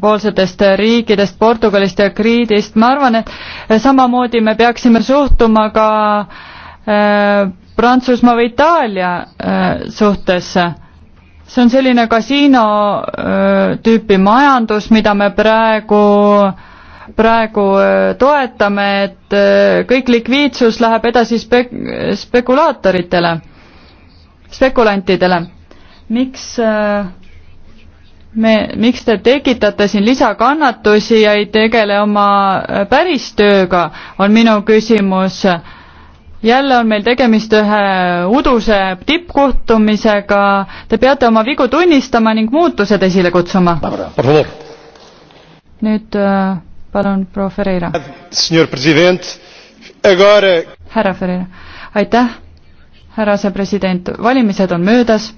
S4: poolsetest riikidest, Portugalist ja Kriidist, ma arvan, et samamoodi me peaksime suhtuma ka äh, Prantsusmaa või Itaalia äh, suhtes. see on selline kasiino äh, tüüpi majandus, mida me praegu äh, praegu äh, toetame, et äh, kõik likviidsus läheb edasi spek-, spekulaatoritele, spekulantidele. miks äh, me, miks te tekitate siin lisakannatusi ja ei tegele oma päris tööga, on minu küsimus. jälle on meil tegemist ühe uduse tippkohtumisega, te peate oma vigu tunnistama ning muutused esile kutsuma. nüüd palun, proua Ferreira. härra Ferreira, aitäh, härra asepresident, valimised on möödas.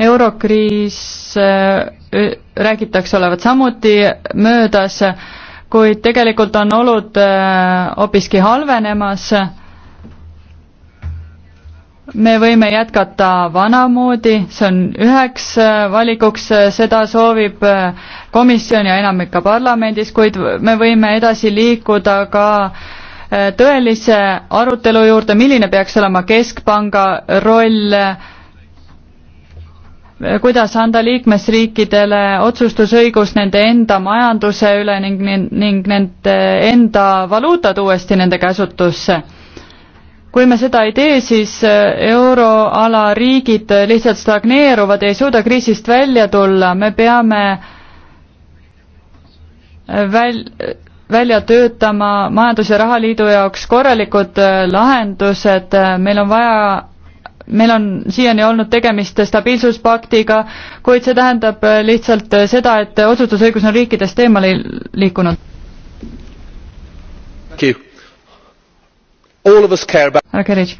S4: eurokriis eh, räägitakse olevat samuti möödas, kuid tegelikult on olud eh, hoopiski halvenemas me võime jätkata vanamoodi, see on üheks äh, valikuks, äh, seda soovib äh, komisjon ja enamik ka parlamendis, kuid me võime edasi liikuda ka tõelise arutelu juurde, milline peaks olema keskpanga roll, kuidas anda liikmesriikidele otsustusõigus nende enda majanduse üle ning, ning, ning nende enda valuutad uuesti nende käsutusse kui me seda ei tee, siis äh, euroala riigid äh, lihtsalt stagneeruvad, ei suuda kriisist välja tulla, me peame äh, väl-, välja töötama Majandus- ja Rahaliidu jaoks korralikud lahendused, meil on vaja, meil on siiani olnud tegemist stabiilsuspaktiga, kuid see tähendab lihtsalt seda, et otsustusõigus on riikidest eemale liikunud härra Kerits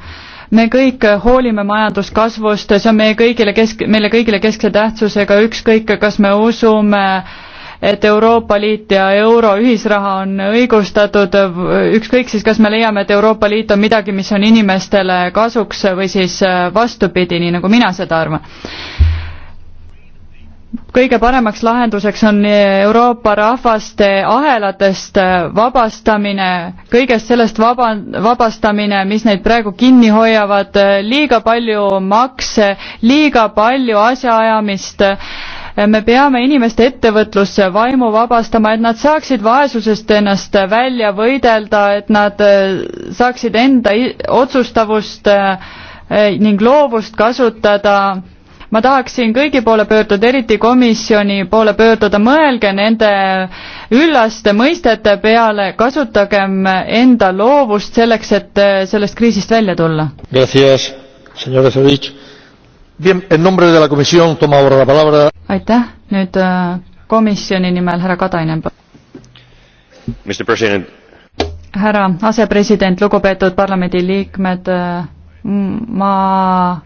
S4: me kõik äh, hoolime majanduskasvust, see on meie kõigile kesk, meile kõigile keskse tähtsusega, ükskõik, kas me usume et Euroopa Liit ja euro ühisraha on õigustatud, ükskõik siis, kas me leiame, et Euroopa Liit on midagi, mis on inimestele kasuks või siis äh, vastupidi, nii nagu mina seda arvan kõige paremaks lahenduseks on Euroopa rahvaste ahelatest vabastamine, kõigest sellest vaba, vabastamine, mis neid praegu kinni hoiavad, liiga palju makse, liiga palju asjaajamist, me peame inimeste ettevõtlusse vaimu vabastama, et nad saaksid vaesusest ennast välja võidelda, et nad äh, saaksid enda otsustavust äh, ning loovust kasutada ma tahaksin kõigi poole pöörduda, eriti komisjoni poole pöörduda, mõelge nende üllaste mõistete peale, kasutagem enda loovust selleks, et sellest kriisist välja tulla. aitäh, nüüd äh, komisjoni nimel härra Katainen. härra asepresident, lugupeetud parlamendiliikmed, äh, ma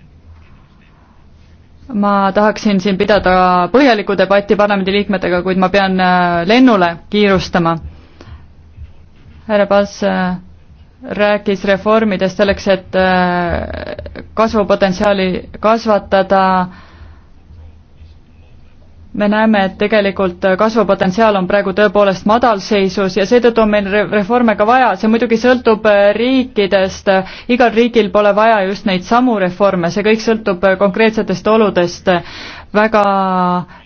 S4: ma tahaksin siin pidada põhjalikku debatti parlamendiliikmetega, kuid ma pean äh, lennule kiirustama. härra Pals äh, rääkis reformidest selleks, et äh, kasvupotentsiaali kasvatada me näeme, et tegelikult kasvupotentsiaal on praegu tõepoolest madalseisus ja seetõttu on meil reforme ka vaja, see muidugi sõltub äh, riikidest, igal riigil pole vaja just neid samu reforme, see kõik sõltub äh, konkreetsetest oludest. väga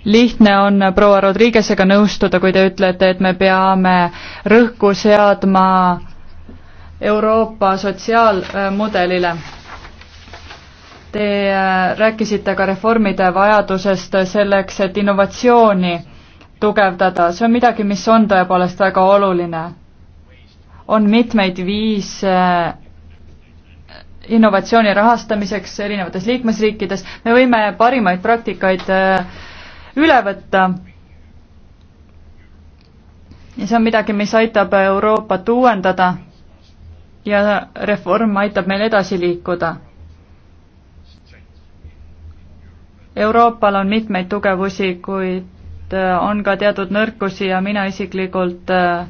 S4: lihtne on äh, proua Rodriguez'ega nõustuda, kui te ütlete, et me peame rõhku seadma Euroopa sotsiaalmudelile Te äh, rääkisite ka reformide vajadusest selleks, et innovatsiooni tugevdada, see on midagi, mis on tõepoolest väga oluline. on mitmeid viise äh, innovatsiooni rahastamiseks erinevates liikmesriikides, me võime parimaid praktikaid äh, üle võtta ja see on midagi, mis aitab Euroopat uuendada ja reform aitab meil edasi liikuda Euroopal on mitmeid tugevusi, kuid äh, on ka teatud nõrkusi ja mina isiklikult äh,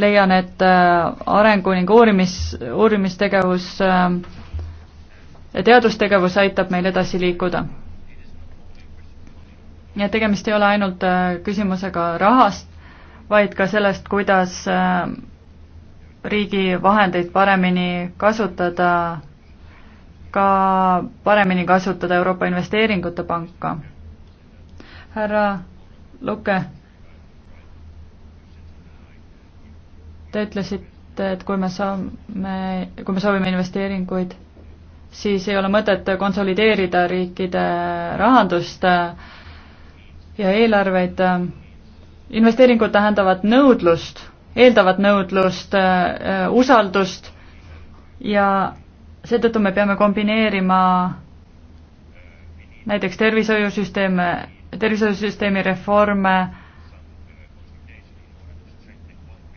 S4: leian, et äh, arengu ning uurimis, uurimistegevus ja teadustegevus aitab meil edasi liikuda. nii et tegemist ei ole ainult küsimusega rahast, vaid ka sellest, kuidas riigi vahendeid paremini kasutada ka paremini kasutada Euroopa Investeeringute Panka. härra Luke, te ütlesite, et kui me saame, kui me soovime investeeringuid, siis ei ole mõtet konsolideerida riikide rahandust ja eelarveid. investeeringud tähendavad nõudlust, eeldavad nõudlust, usaldust ja seetõttu me peame kombineerima näiteks tervishoiusüsteeme, tervishoiusüsteemi reforme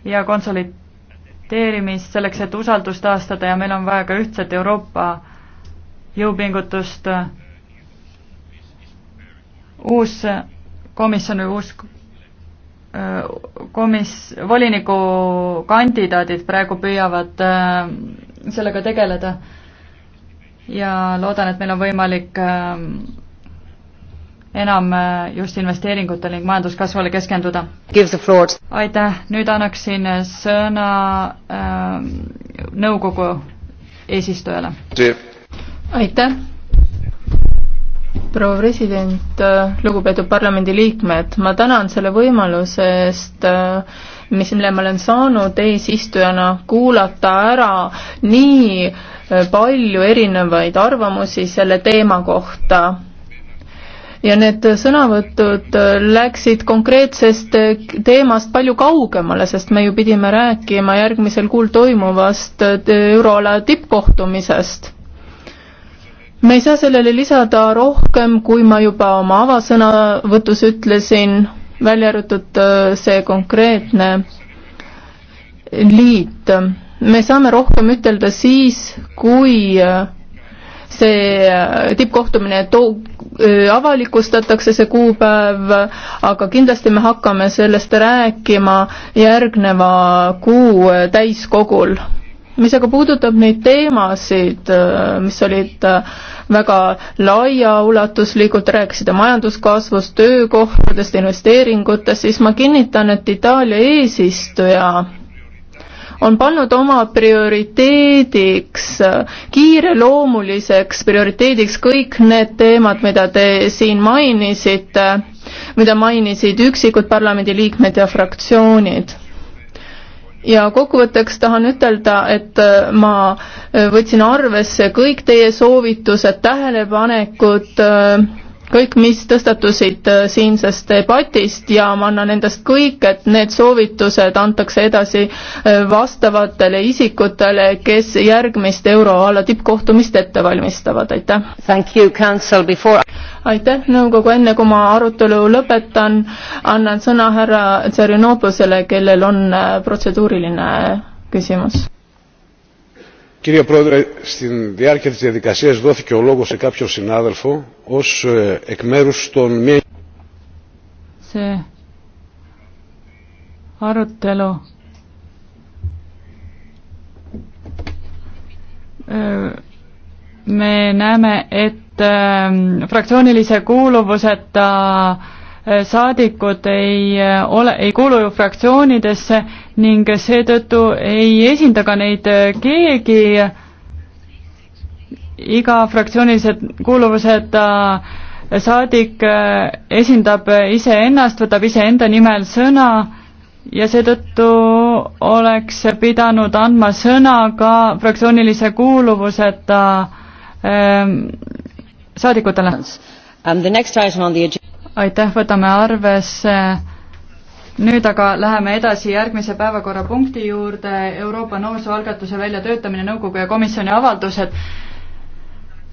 S4: ja konsolideerimist selleks, et usaldust taastada ja meil on vaja ka ühtset Euroopa jõupingutust. uus komisjon või uus äh, komis-, volinikukandidaadid praegu püüavad äh, sellega tegeleda. ja loodan, et meil on võimalik ähm, enam äh, just investeeringutele ning majanduskasvule keskenduda. aitäh, nüüd annaksin sõna äh, nõukogu eesistujale. aitäh,
S1: proua president, äh, lugupeetud parlamendiliikmed, ma tänan selle võimaluse eest äh, mis, mille ma olen saanud eesistujana kuulata ära nii palju erinevaid arvamusi selle teema kohta. ja need sõnavõtud läksid konkreetsest teemast palju kaugemale, sest me ju pidime rääkima järgmisel kuul toimuvast euroala tippkohtumisest me ei saa sellele lisada rohkem, kui ma juba oma avasõnavõtus ütlesin, välja arvatud äh, see konkreetne liit. me saame rohkem ütelda siis, kui äh, see äh, tippkohtumine to-, avalikustatakse, see kuupäev, aga kindlasti me hakkame sellest rääkima järgneva kuu täiskogul mis aga puudutab neid teemasid, äh, mis olid äh, väga laiaulatuslikult, rääkisite majanduskasvust, töökohtadest, investeeringutest, siis ma kinnitan, et Itaalia eesistuja on pannud oma prioriteediks, kiireloomuliseks prioriteediks kõik need teemad, mida te siin mainisite, mida mainisid üksikud parlamendiliikmed ja fraktsioonid ja kokkuvõtteks tahan ütelda, et äh, ma äh, võtsin arvesse kõik teie soovitused, tähelepanekud, äh, kõik, mis tõstatusid äh, siinsest debatist ja ma annan endast kõik, et need soovitused antakse edasi äh, vastavatele isikutele, kes järgmist euroala tippkohtumist ette valmistavad, aitäh. Before... aitäh, nõukogu, enne kui ma arutelu lõpetan, annan sõna härra Tserinopolisele, kellel on äh, protseduuriline küsimus
S2: Κύριε Πρόεδρε, στην διάρκεια της διαδικασίας δόθηκε ο λόγος σε κάποιον συνάδελφο ως εκ μέρους των μη...
S4: Σε arutelu me näeme, et fraktsioonilise kuuluvuseta äh, Äh, saadikud ei äh, ole, ei kuulu ju fraktsioonidesse ning seetõttu ei esinda ka neid äh, keegi iga fraktsioonilised kuuluvused saadik esindab iseennast, võtab iseenda nimel sõna ja seetõttu oleks pidanud andma sõna ka fraktsioonilise kuuluvuseta ähm, saadikutele. Um, aitäh, võtame arvesse. nüüd aga läheme edasi järgmise päevakorrapunkti juurde, Euroopa noorsooalgatuse väljatöötamine, nõukogu ja komisjoni avaldused.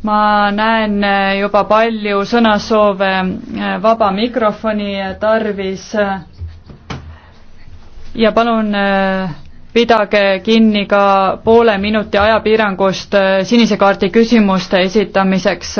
S4: ma näen juba palju sõnasoove eh, vaba mikrofoni tarvis. ja palun eh, pidage kinni ka poole minuti ajapiirangust eh, sinise kaardi küsimuste esitamiseks